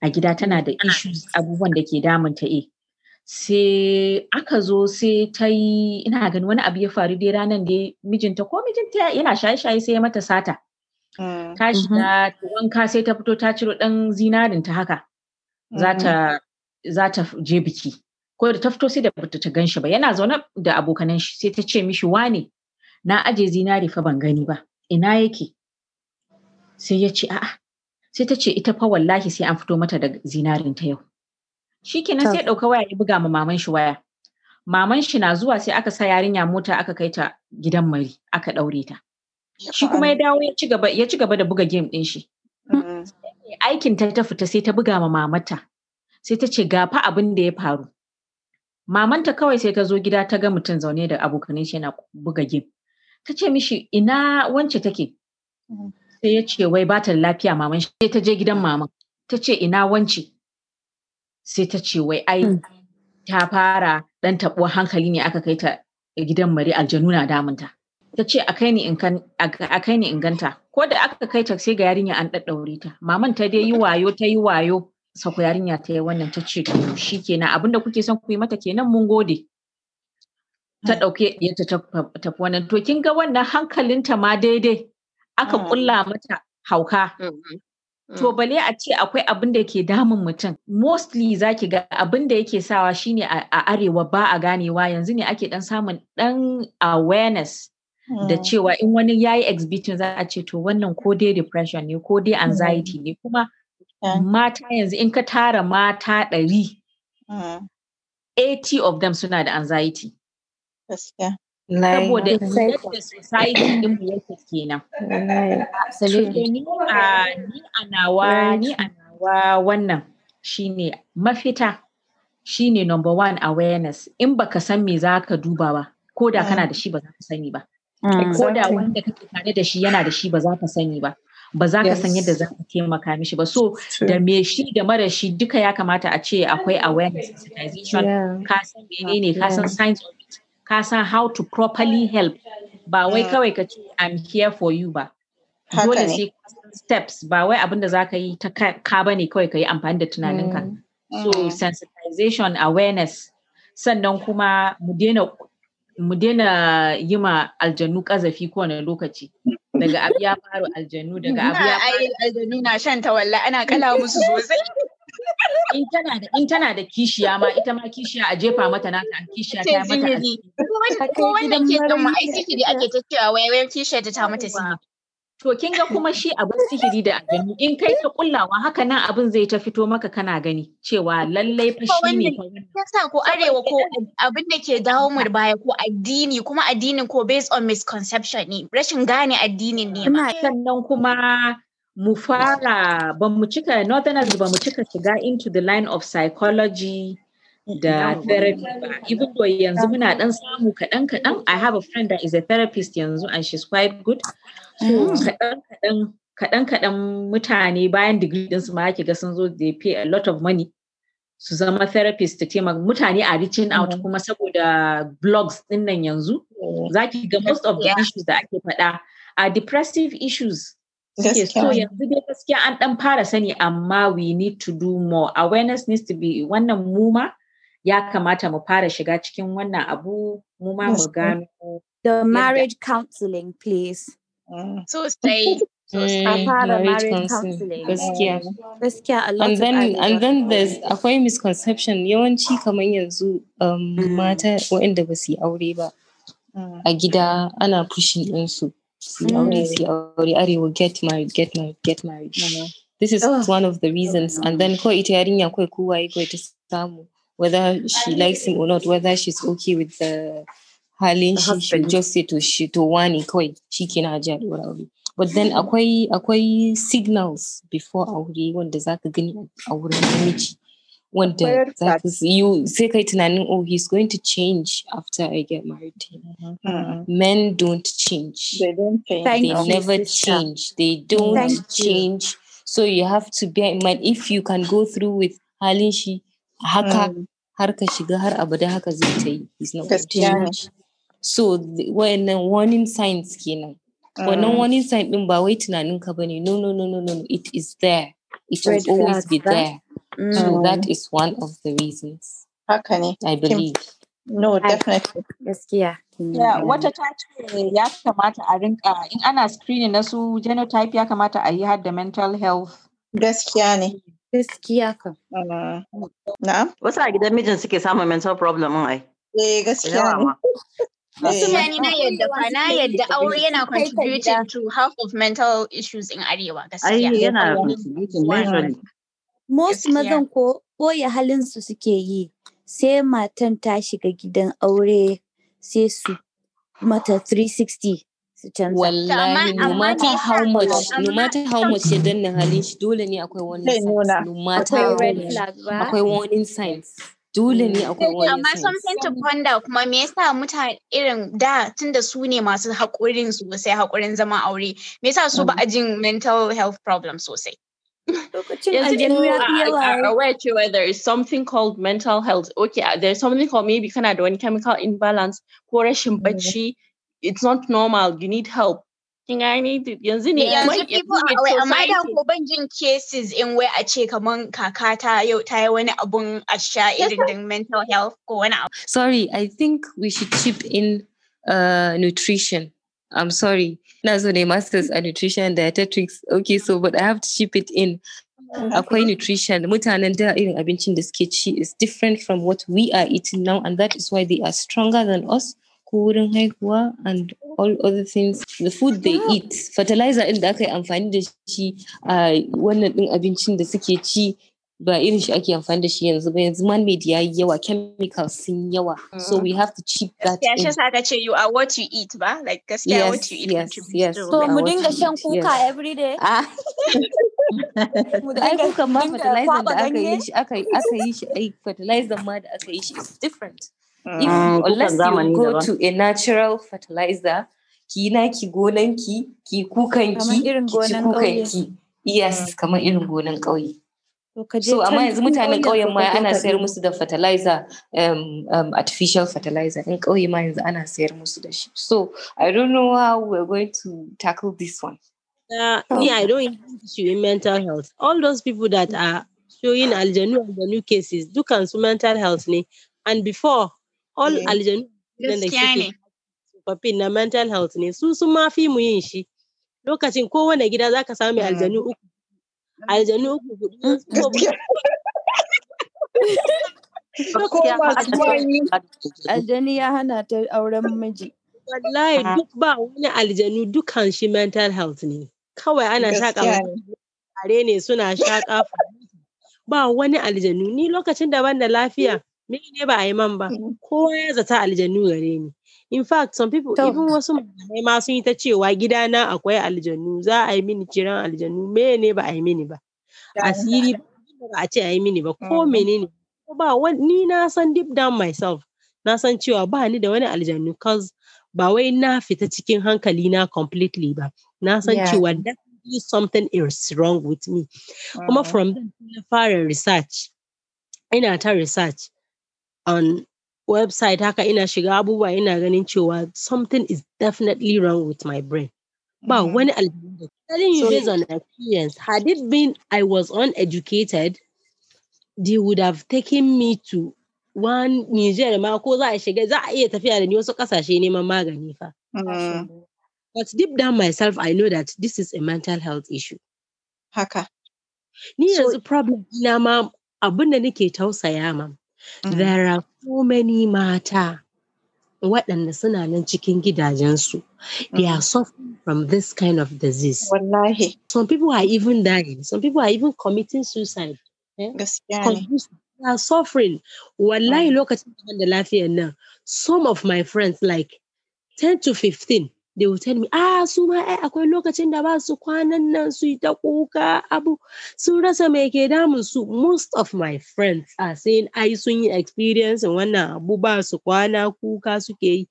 a gida tana da issues abubuwan da ke damunta eh sai aka zo sai ta yi ina gani wani abu ya faru dai ranar da mijinta ko mijinta yana shaye-shaye sai ya mata sata mm. ta shiga mm-hmm. wanka sai ta fito ta ciro ɗan zinarin ta haka za mm-hmm. ta je biki ko da ta fito sai da bata ta ganshi ba yana zaune da abokanan shi sai ta ce mishi wane na aje zinari fa ban gani ba ina yake sai ya ce a'a sai ta ce ita fa wallahi sai an fito mata da zinarin ta yau na sai ɗauka waya ya buga ma maman shi waya maman shi na zuwa sai aka sa yarinya mota aka kai ta gidan mari aka ɗaure ta shi kuma ya dawo ya ci gaba da buga game din shi aikin ta ta fita sai ta buga ma mamata sai ta ce gafa abin da ya faru mamanta kawai sai ta zo gida ta ga mutum zaune da abokanin shi yana buga game ta ce mishi ina wance take sai ya ce wai bata lafiya maman shi ta je gidan maman ta ce ina wance sai ta ce wai ai mm. ta fara dan tabuwa hankali ne aka kai ta gidan mari aljanu na damunta. Ta ce a kai ni inganta? ko da aka kai ta sai ga yarinya an ɗaɗɗaure ta maman ta dai yi wayo ta yi wayo sako yarinya ta yi wannan ta ce shi kenan abinda kuke son ku yi mata kenan mun gode. Ta mm. ɗauke yadda ta tafi wannan to kin ga wannan hankalinta ma daidai aka mm. ƙulla mata hauka mm-hmm. To mm. bale a ce akwai abin da ke damun mutum. Mostly za ki ga abin da yake sawa shine a arewa ba a ganewa yanzu ne ake dan samun dan awareness da mm. cewa in wani ya yi exhibition za a ce to wannan ko dai depression ne ko dai anxiety mm. ne kuma mata yanzu in ka tara mata ɗari 80 of them suna da anxiety. saboda yadda ni a ni a nawa ni a nawa wannan shine mafita shine number one awareness in baka san me zaka duba ba ko da kana da mm. shi ba za ka sani ba mm. ko da wanda kake tare da shi yana da shi ba za ka sani ba ba za ka san yadda za ka taimaka mishi ba so da me shi da mara shi duka ya kamata a ce akwai awareness sensitization ka san menene ka san signs of ka san how to properly help ba wai kawai ka ce i'm here for you ba dole sai steps ba wai abin da za ka yi ta ka ba kawai ka yi amfani da tunaninka mm. so mm. sensitization awareness sannan kuma mu daina yi ma aljanu kazafi kowane lokaci daga abu ya faru aljanu daga abu ya faru aljanu na shan tawalla ana kala musu sosai in tana da kishiya ma ita ma kishiya a jefa mata nata a kishiya ta mata ko wannan ke don ma sihiri ake ta cewa wayar kishiya ta ta mata sihiri to kin ga kuma shi abin sihiri da gani in kai ta kullawa haka nan abin zai ta fito maka kana gani cewa lallai fa shi ne fa ko arewa ko abin da ke dawo mu baya ko addini kuma addinin ko based on misconception ne rashin gane addinin ne ma sannan kuma mu fara ba mu cika northerners ba mu cika shiga into the line of psychology da therapy ba even though yanzu muna dan samu kaɗan kaɗan I have a friend that is a therapist yanzu and she's quite good so mm. kadan-kadan mutane bayan digiri din su ma ga sun zo they pay a lot of money su zama therapist ta taimaka mutane a reaching out mm. kuma saboda blogs din nan yanzu za ki ga most of the issues da ake faɗa are depressive issues Okay, so yanzu dai gaskiya an ɗan fara sani amma we need to do more. Awareness needs to be wannan muma ya kamata mu fara shiga cikin wannan abu muma mu gano. The marriage counseling please. Mm. So say Mm, marriage counseling. Gaskiya. Mm. Gaskiya a lot and then, And then there's akwai misconception yawanci kamar yanzu um, mm. mata waɗanda ba su yi aure ba a gida ana pushing ɗinsu. COD, mm. COD, will get married, get married, get married. Uh-huh. This is oh. one of the reasons. And then ko ita yarinya ko kuwa iko samu whether she likes him or not, whether she's okay with the halin she should just say to she to wani kawai she ke na ajiya But then mm. akwai akwai signals before aure wanda za ka gani a what the that is you say oh he's going to change after i get married to him mm-hmm. mm-hmm. mm-hmm. men don't change they don't change Thank they never sister. change they don't Thank change you. so you have to bear in mind if you can go through with halin shi haka mm. har ka abada haka he's not going to change so when warning signs kenan wannan mm. warning sign din ba no no no no no it is there it will always be there Mm. So mm-hmm. that is one of the reasons. Okay. I believe. No, definitely. Gaskiya. Yeah, what a ce ya kamata a rinka in ana screening na su genotype ya kamata a yi har da mental health. Gaskiya ne. Gaskiya ka. Na? Wasu a gidan mijin suke samun mental problem ai. Eh gaskiya ne. Eh, Wasu na ni na yadda fa na yadda aure yana contributing to half of mental issues in arewa gaskiya. Ai yana contributing majorly. Most mazan ko ɓoye halinsu suke yi, sai matan ta shiga gidan aure sai su mata 360 su canza. Wallahi, no matter how much, no matter how much ya danna halin shi dole ne akwai wani signs, no matter akwai warning signs. dole ne akwai wani amma something to ponder kuma me yasa mutane irin da tunda su ne masu haƙurin sosai haƙurin zama aure me yasa su ba hmm. a jin mental health problem sosai yes, there is something called mental health. Okay, uh, there's something called maybe when chemical imbalance. but mm-hmm. she, It's not normal. You need help. I yanzu ne yanzu people are amma da ko ban cases in where a ce kaman kakata Taiwan, ta yi wani abun a sha mental health sorry i think we should chip in uh, nutrition I'm sorry. Nazo ne masters a nutrition dietetics. Okay, so but I have to ship it in. Akwai nutrition. Mutanen da irin abincin da suke ci is different from what we are eating now, and that is why they are stronger than us. Wurin haihuwa and all other things. The food they eat, fertilizer in da aka yi amfani da shi a wannan ɗin abincin da suke ci ba irin shi ake amfani da shi yanzu ba yanzu man made yayi yawa chemicals sun yawa so mm. we have to cheap that gaskiya shi sa ka ce you are what you eat ba like gaskiya yes, what you eat yes, yes, so mu dinga shan kuka every day ah. mu dinga shan kuka ma fertilizer da aka yi shi aka yi shi ai fertilizer ma da aka yi shi is different mm. if you, mm, unless you go to a natural fertilizer ki na ki gonanki ki kukanki ki kukan kukanki yes kamar irin gonan kauye. so amma yanzu mutanen ƙauyen ma ana sayar musu da fertilizer um, um, artificial fertilizer in ƙauye ma yanzu ana sayar musu da shi so i don't know how we're going to tackle this one uh, oh. yeah i don't issue in mental health all those people that are showing aljanu new cases do dukansu mental health ne and before all yeah. aljanu gaskiya ne tsofaffin na mental health ne su sun ma fi mu yin shi lokacin kowane gida zaka samu mm. aljanu uku aljanu ku hudu aljani ya hana ta auren miji wallahi ah. duk ba wani aljanu dukan shi mental health ne kawai ana shaƙa tare ne suna shaƙa ba wani aljanu ni lokacin da ban da lafiya mm. me ne ba a yi man ba mm. kowa ya zata aljanu gare ni in fact some people Talk. even wasu malamai ma sun yi ta cewa gidana akwai aljanu za a yi mini ciran aljanu me ne ba a yi mini ba asiri ba a ce a yi mini ba ko mm. menene ba ni na san deep down myself na san cewa ba ni da wani aljanu cause ba wai na fita cikin hankali na completely ba na san cewa something is wrong with me kuma mm. from then na fara research ina ta research on website haka ina shiga abubuwa ina ganin cewa something is definitely wrong with my brain. But mm-hmm. when I telling you so, based on experience, had it been I was uneducated, they would have taken me to one Niger ma ko za a shiga za a iya tafiya da ni wasu kasashe neman magani fa. Mm-hmm. But deep down myself, I know that this is a mental health issue. Haka. Ni yanzu problem na ma abin da nake tausaya ma. Mm-hmm. There are so many mata waɗanda suna nan cikin gidajensu. They are mm-hmm. suffering from this kind of disease. Wallahi. Some people are even dying. Some people are even committing suicide. They eh? are suffering. Wallahi mm. lokacin da lafiyan nan. Some of my friends like 10 to 15 Da will tell me ah su ma ai akwai lokacin da ba su kwanan nan su yi ta kuka abu sun rasa mai ke damun su most of my friends are saying ai sun yi experience wannan abu ba su kwana kuka suke yi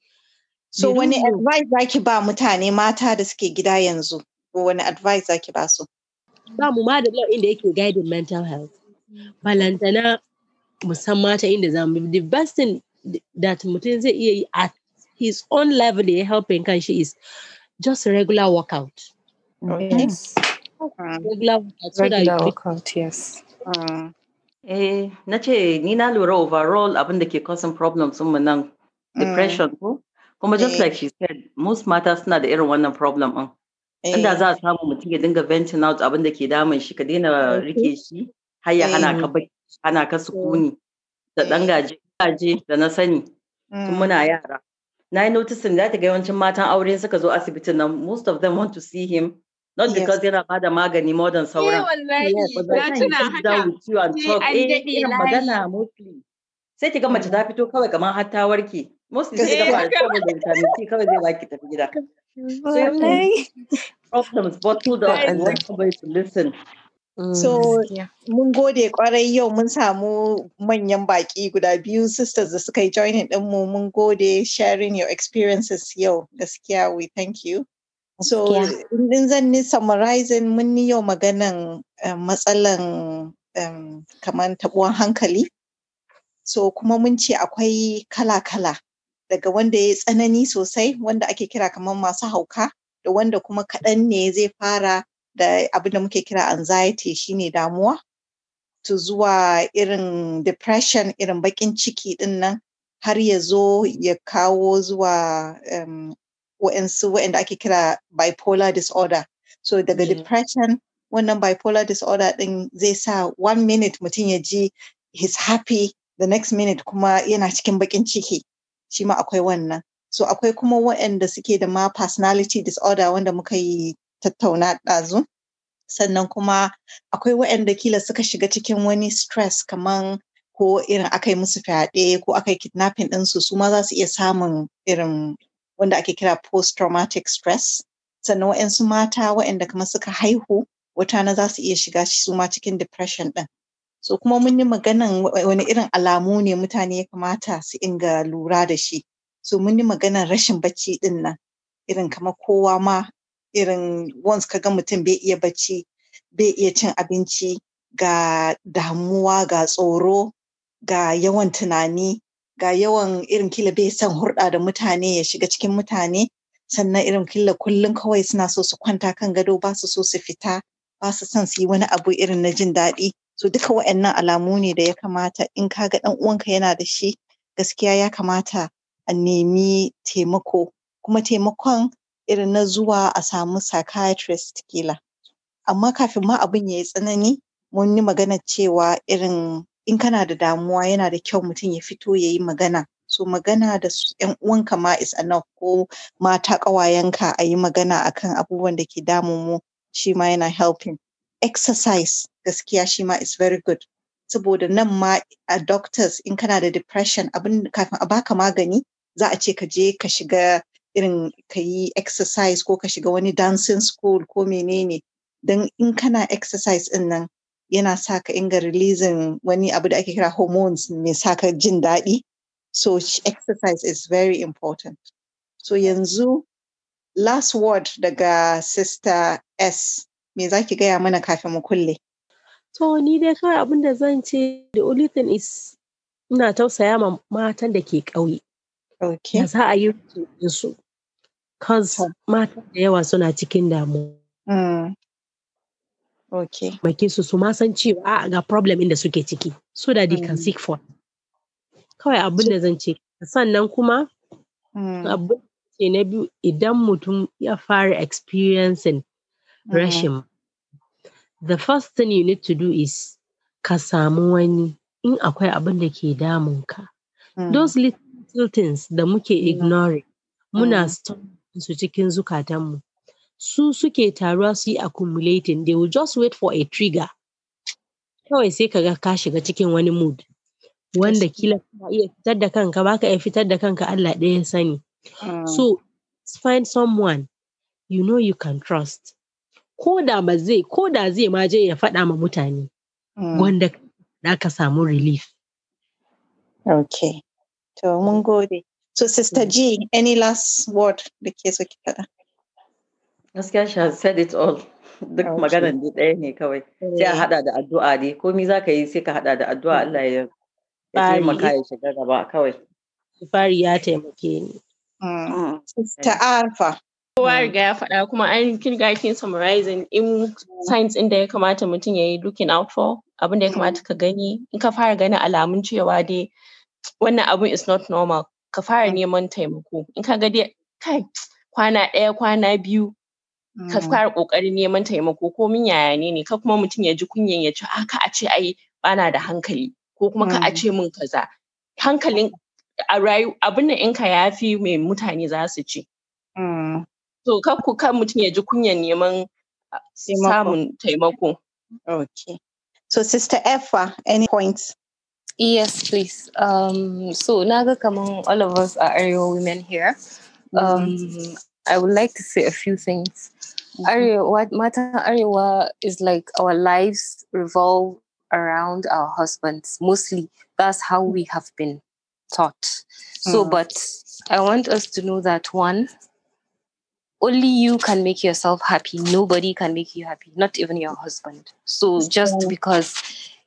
so wani advice zaki ba mutane mata da suke gida yanzu wani advice zaki ba su ba mu ma da inda yake guiding mental health balantana musamman ta inda zamu the best thing that mutum zai iya yi at his own level here helping Kanshi is just a regular workout. Okay. Oh, mm-hmm. Yes. Uh, regular workout. So regular workout, yes. Uh, eh, na ce lura overall abin da ke problems mu nan mm. depression ko kuma just eh. like she said most matters suna the irin wannan problem din inda za a eh. samu mutum ya dinga venting out abin da ke damun shi ka daina mm-hmm. rike shi har ya hana ka eh. baki hana ka sukuni da dan gaje gaje da na sani tun mm. muna yara na yi noticing za ta ga yawancin matan aure suka zo asibitin nan most of them want to see him not because yana ba da magani more than eh, sauran magana mostly sai ki ga mace ta fito kawai kamar har ta warke mostly sai ga fara saboda vitamin C kawai zai baki tafi gida problems bottled up and want somebody to listen So, mm, mun gode kwarai yau mun samu manyan baki guda biyu sisters da suka yi joining ɗinmu mun gode sharing your experiences yau gaskiya we thank you. So, in zan ni summarizing mun ni yau maganan eh, matsalan kamar taɓuwan hankali. So, kuma mun ce akwai kala-kala daga wanda ya tsanani sosai wanda ake kira kamar masu hauka da wanda kuma kaɗan ne zai fara da abin da muke kira anxiety shine damuwa to zuwa irin depression irin bakin ciki din nan har ya zo ya kawo zuwa um, wa'ansu wa'anda ake kira bipolar disorder so daga mm -hmm. depression wannan bipolar disorder din zai sa one minute mutum ya ji he's happy the next minute kuma yana cikin bakin ciki shi ma akwai wannan so akwai kuma wa'anda suke da ma personality disorder wanda muka yi tattauna ɗazu sannan kuma akwai waɗanda kila suka shiga cikin wani stress kaman ko irin aka yi musu fyaɗe ko aka yi kidnapping ɗinsu su ma za su iya samun irin wanda ake kira post-traumatic stress sannan waɗansu mata waɗanda kama suka haihu wata na za su iya shiga su ma cikin depression ɗin so kuma mun yi maganan wani irin alamu ne mutane ya kamata su inga lura da shi so mun yi maganan rashin bacci ɗin nan irin kamar kowa ma irin once ka ga mutum bai iya bacci bai iya cin abinci ga damuwa ga tsoro ga yawan tunani ga yawan irin kila bai san hurɗa da mutane ya shiga cikin mutane sannan irin kila kullum kawai suna so su kwanta kan gado ba su so su fita ba su son su yi wani abu irin na jin daɗi so duka wa'annan alamu ne da ya kamata in ka ga ɗan uwanka yana da shi gaskiya ya kamata a nemi taimako kuma taimakon irin na zuwa a samu psychiatrist kila amma kafin ma abin ya yi tsanani mun yi magana cewa irin in kana da damuwa yana da kyau mutum ya fito ya yi magana so magana da yan uwanka ma is enough ko mata ƙawayenka a yi magana a kan abubuwan da ke damun mu shi ma yana helping exercise gaskiya shi ma is very good saboda nan ma a doctors in kana da depression abin kafin a baka magani za a ce ka je ka shiga irin ka yi exercise ko ka shiga wani dancing school ko menene don in kana exercise din nan yana sa ka inga releasing wani abu da ake kira hormones mai sa ka jin daɗi so exercise is very important so yanzu last word daga sister s me za ki gaya mana kafin mu kulle to ni dai kawai abin da zan ce the only thing is ina tausaya ma matan da ke ƙauye Okay. Yasa a yi so. Cause mata da yawa suna cikin damuwa. Mm. Okay. My kids su ma san cewa a ga problem in the ciki. So that they can mm. seek for. Kawai abu da zan ce. Sannan kuma mm. abin ce na biyu idan mutum ya fara experiencing mm. rashin. The first thing you need to do is ka samu wani in akwai abin da ke damunka. Those little little things da muke ignoring muna mm. su cikin zukatanmu su suke taruwa su yi accumulating they will just wait for a trigger kawai sai ka ka shiga cikin wani mood wanda kila ka iya fitar da kanka baka iya fitar da kanka Allah ɗaya sani mm. so find someone you know you can trust ko da ba zai ko da zai ma je ya faɗa ma mutane mm. wanda da ka samu relief okay To, mun mm. gode. So, Sister G, mm. any last word da ke so ki faɗa? Gaskiya she has said it all. Duk oh, maganar da ɗaya ne kawai. Sai a eh. haɗa da addu'a ne. Komi za ka yi sai ka haɗa da addu'a mm. Allah ya taimaka ya shiga gaba kawai. Fari ya taimake ni. Sister eh. Alpha. kowa riga ya faɗa kuma an ga kin summarizing in signs inda ya kamata mutum ya yi looking out for abin da ya kamata ka gani in ka fara ganin alamun cewa dai wannan abun is not normal ka fara mm. neman taimako in ka ga dai kai kwana ɗaya kwana biyu ka mm. fara ƙoƙarin neman taimako ko min yaya ne ne ka kuma mutum ya ji kunyan ya ce a ah, ka a ce ai bana da hankali ko kuma ka a mm. ce min kaza hankalin a rayu abin da in ka fi mai mutane za su ce to ka ku kar mutum ya ji kunyan neman ah, samun taimako okay so sister Effa any points Yes, please. Um, so Naga Kamang, all of us are Ario women here. Um, mm-hmm. I would like to say a few things. Mm-hmm. Ario, what Mata Ariwa is like our lives revolve around our husbands mostly. That's how we have been taught. So, mm. but I want us to know that one, only you can make yourself happy. Nobody can make you happy, not even your husband. So, just because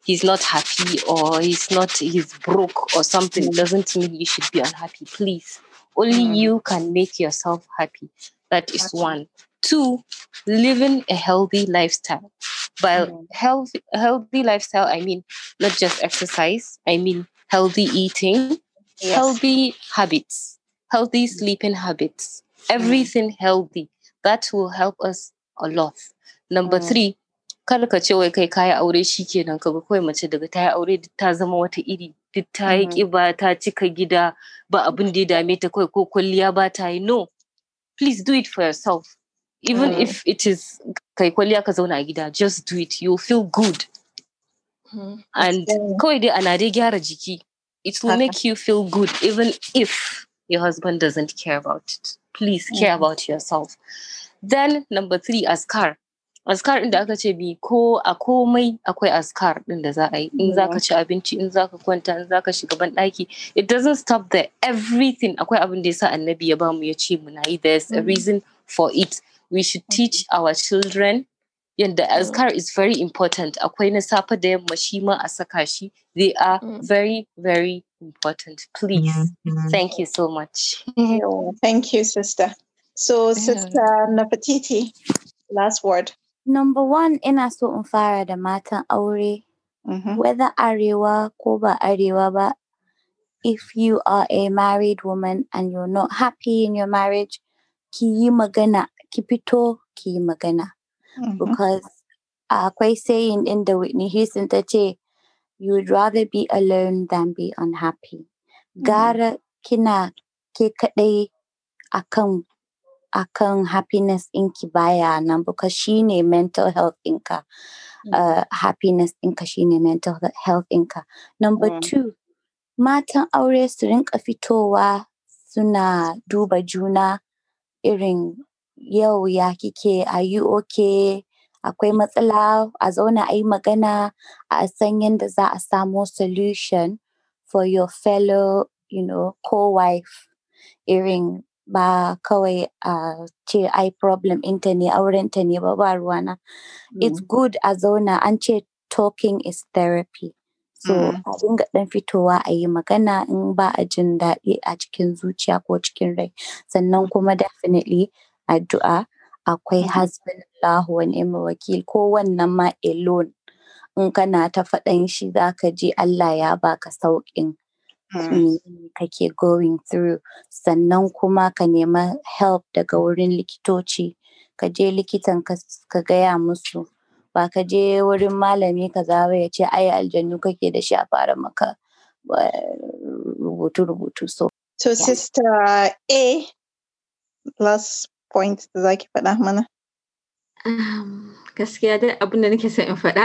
he's not happy or he's not he's broke or something mm. doesn't mean you should be unhappy please only mm. you can make yourself happy that is happy. one two living a healthy lifestyle by mm. healthy healthy lifestyle i mean not just exercise i mean healthy eating yes. healthy habits healthy mm. sleeping habits mm. everything healthy that will help us a lot number three kar ka ce wai kai kayi aure shikenan kaga kawai mace daga ta yi aure duk ta zama wata iri duk ta yi kiba mm-hmm. ta cika gida ba abin da ya dame ta kawai ko kwalliya ba ta yi no please do it for yourself even mm. if it is kai kwalliya ka zauna a gida just do it you feel good mm. and kawai dai ana dai gyara jiki it will make you feel good even if your husband doesn't care about it please care mm. about yourself then number three askar askar ɗin da aka ce bi ko a komai akwai askar ɗin da za a yi in za ka ci abinci in za ka kwanta in za ka shiga ban ɗaki it doesn't stop there everything akwai abin da yasa annabi ya bamu ya ce muna yi there's a mm. reason for it we should teach our children yadda mm. azkar is very important akwai na safe da yamma shi ma a saka shi they are mm. very very important please thank you so much thank you sister so sister nafatiti last word Number one, ina so in fara da matan aure, mm-hmm. whether arewa ko ba arewa ba. If you are a married woman and you're not happy in your marriage, ki yi magana, ki fito ki yi magana. Mm-hmm. Because akwai uh, saying in the Whitney Houston ta ce, you would rather be alone than be unhappy. Mm-hmm. Gara kina ke kaɗai akan akan happiness ɗinki baya nan shi shine mental health ɗinka uh, mm. ah, happiness ɗinka shine mental health ɗinka number mm. two matan aure su rinka fitowa suna duba juna irin yau ya kike are you okay akwai matsala a zauna a yi magana a san yadda za a samo solution for your fellow you know co-wife irin ba kawai a ce ai problem intane ne aurenta ne ba ba ruwana it's mm. good a zauna an ce talking is therapy so mm-hmm. a dinga dan fitowa a yi magana in ba a jin daɗi a cikin zuciya ko cikin rai sannan mm-hmm. kuma definitely addu'a akwai husband mm-hmm. Allah wani wakil ko wannan ma alone in kana ta faɗan shi zaka ji Allah ya baka sauƙin Mm. kake going through sannan kuma ka nema help daga wurin likitoci ka je likitan ka gaya musu ba ka je wurin malami ka zawo ya ce ai aljanu kake da shi a fara maka rubutu-rubutu so to sister a last point da ki faɗa mana um, gaskiya dai abin da nake son in faɗa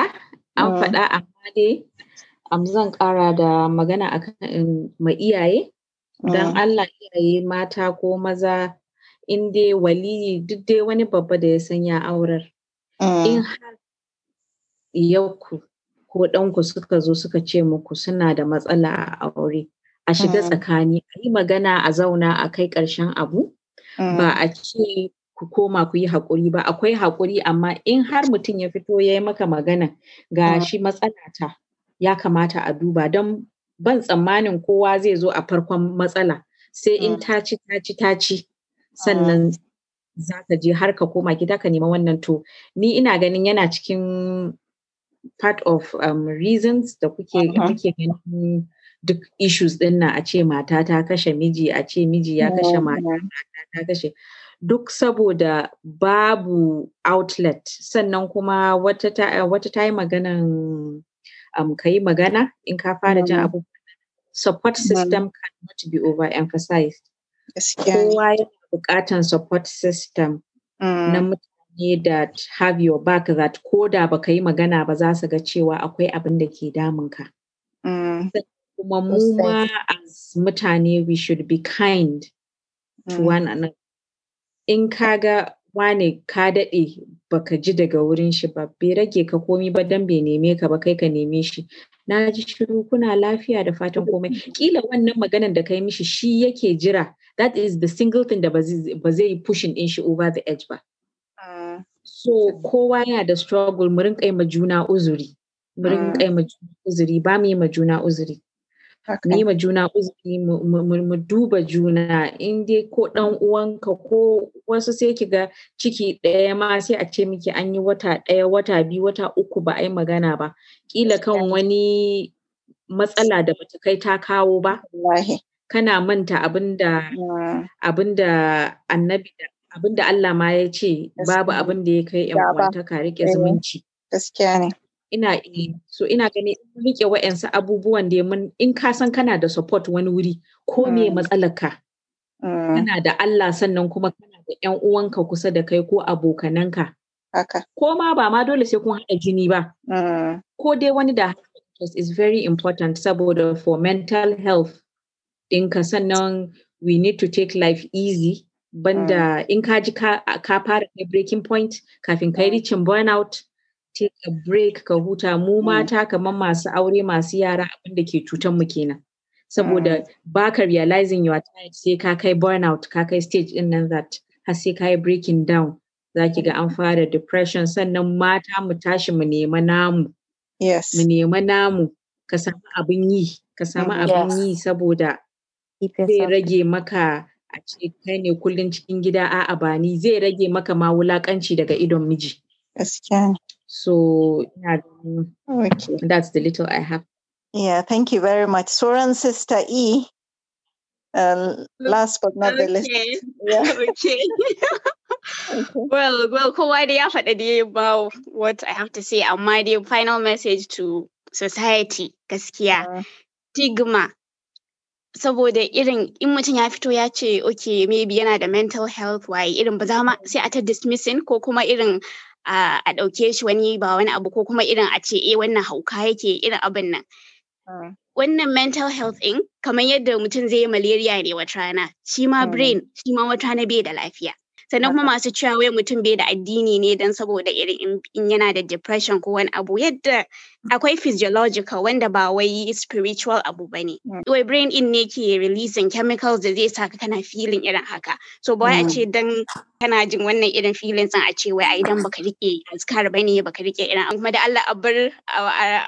an mm. faɗa amma dai zan ƙara da magana a kan um, ma iyaye don mm. Allah iyaye mata ko maza in dai waliyi duk dai wani babba da ya san ya aurar in mm. har yauku ko ɗanku suka zo suka ce muku suna da matsala a aure a shiga mm. tsakani a yi magana a zauna a kai ƙarshen abu ba a ce ku koma ku yi haƙuri ba akwai haƙuri amma in har mutum ya fito ya yi maka magana ga shi matsala ta ya kamata a duba don ban tsammanin kowa zai zo a farkon matsala sai in mm. taci taci taci sannan mm. za ka je har ka koma gida ka nema wannan to ni ina ganin yana cikin part of um, reasons da kuke uh-huh. ganin duk issues din na a ce mata ta kashe miji a ce miji ya kashe mm. mata ta kashe duk saboda babu outlet sannan kuma wata ta, wata ta yi maganan um, ka yi magana in ka fara jin mm. abu support mm. system not be overemphasized kowa yana buƙatan support system mm. na mutane that have your back that ko da ba ka yi magana ba za su ga cewa akwai abin da ke damunka kuma mu ma as mutane we should be kind to one another in kaga wane ka daɗe baka ji daga wurin shi ba bai rage ka komi ba dan bai neme ka ba kai ka neme shi na ji shiru kuna lafiya da fatan komai Ƙila wannan maganan da kai mishi shi yake jira that is the single thing da ba zai yi pushing din shi over the edge ba ah. so kowa yana da struggle mu rinƙa yi ma juna uzuri mu rinƙa yi ma juna uzuri ba mu yi ma juna uzuri mu yi ma juna uzuri mu duba juna in dai ko dan uwanka ko wasu sai ki ga ciki ɗaya ma sai a ce miki an yi wata ɗaya wata biyu wata uku ba a yi magana ba ƙila kan wani matsala da bata kai ta kawo ba kana manta abinda abinda annabi abinda Allah ma ya ce babu abinda ya kai yan kwantaka rike eh, zumunci gaskiya ne ina mm. so ina gani in rike wa'yansu abubuwan da mun in ka san kana da support wani wuri ko me mm. matsalarka mm. kana da Allah sannan kuma kana da ƴan uwanka kusa da kai ko abokananka haka ko ma ba ma dole sai kun hada jini ba ko dai wani da is very important saboda for mental health ɗinka sannan we need to take life easy banda in ka ji ka fara breaking point kafin kai reaching burnout take a break ka huta mu mm. mata kamar masu aure masu yara abin da ke cutan mu kenan saboda mm. ba ka realizing your time sai ka kai burnout ka kai stage din nan that har sai ka yi breaking down za ga an fara depression sannan mata mu tashi mu nema namu yes mu nema namu ka samu abin yi ka samu mm, abin yi saboda zai rage maka a ce kai ne kullun cikin gida a'a ba ni zai rage maka ma wulakanci daga idon miji So yeah, okay. that's the little I have. Yeah, thank you very much. Soren Sister E. Uh, last but not okay. the least. Yeah. okay. okay. Well, well, after the about what I have to say, uh, my dear final message to society, gaskiya, stigma. Saboda irin in mutum ya fito ya ce, okay, maybe yana da mental health waye irin ba za ma sai a ta dismissing ko kuma irin a ɗauke shi wani ba wani abu ko kuma irin a ce eh wannan hauka yake irin abin nan hmm. wannan mental health in kamar yadda mutum zai yi malaria ne wata rana shi ma hmm. brain shi ma wata rana bai da lafiya sannan kuma masu cewa wai mutum bai da addini ne don saboda irin in yana da depression ko wani abu yadda akwai physiological wanda ba wai spiritual abu ba ne. Mm. Wai brain in ne ke releasing chemicals da zai saka kana feeling irin haka. So ba a mm. ce dan kana jin wannan irin feelings a ce wai ai dan baka rike azkar ba ne baka rike irin kuma da Allah abar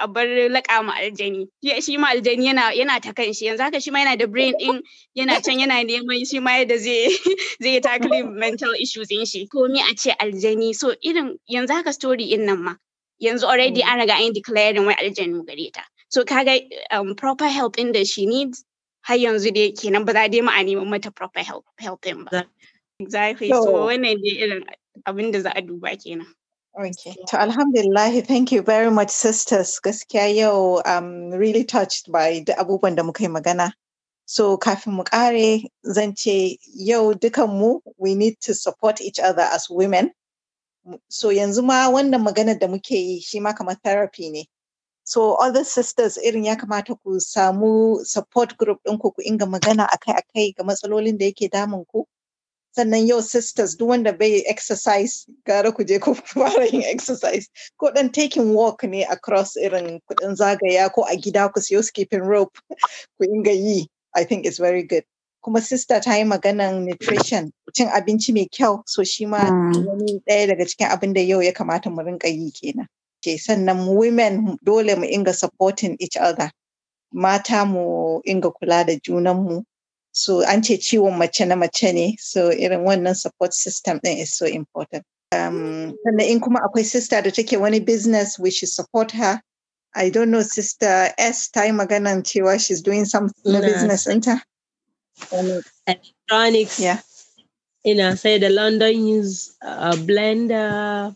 abar laka mu aljani. Shi ma aljani yana yana ta kan shi yanzu haka shi ma yana da brain din yana can yana neman shi ma yadda zai zai tackle mental issues din shi. Komi a ce aljani so irin yanzu haka story in nan ma yanzu already mm. an riga an declaring wai aljanu gare ta so kaga um, proper help in da she needs har yanzu dai kenan ba za dai mu a neman mata proper help help din ba exactly so, so wannan dai irin abin da za a duba kenan Okay. Yeah. To alhamdulillah, thank you very much, sisters. Gaskiya yau um, really touched by the abubuwan da muka yi magana. So kafin mu kare zan ce yau dukanmu we need to support each other as women so yanzu ma wannan maganar da muke yi shi ma kamar therapy ne so other sisters irin ya kamata ku samu support group ɗinku ku inga magana akai-akai ga matsalolin da yake damun ku sannan yau sisters duk wanda bai exercise gara ku je ku fara yin exercise ko dan taking walk ne across irin kudin zagaya ko a gida ku siyo skipping rope ku inga yi i think it's very good kuma sista ta yi maganan nutrition cin abinci mai kyau so shi ma mm. wani ɗaya daga cikin abin da yau ya kamata mu rinka yi kenan ke sannan women dole mu inga supporting each other mata mu inga kula da junanmu so an ce ciwon mace na mace ne so irin wannan support system ɗin is so important um, sannan in kuma akwai sister da take wani business we should support her I don't know sister S ta yi maganan cewa she's doing some business ɗinta electronics. Yeah. You know, say the London use a uh, blender,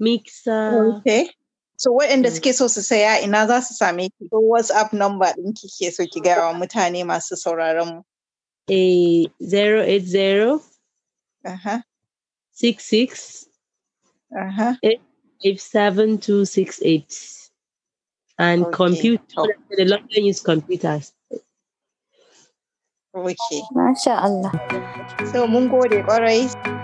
mixer. Okay. So what in this mm. case also say? Ah, za su same ki what's WhatsApp number in kike so ki get our mutani masu sauraron A eh, zero eight zero. Uh-huh. Six six. Uh-huh. Eight, eight seven two six eight. And okay. computer, oh. the London use computers. Masha Allah. So mun gode kwarai.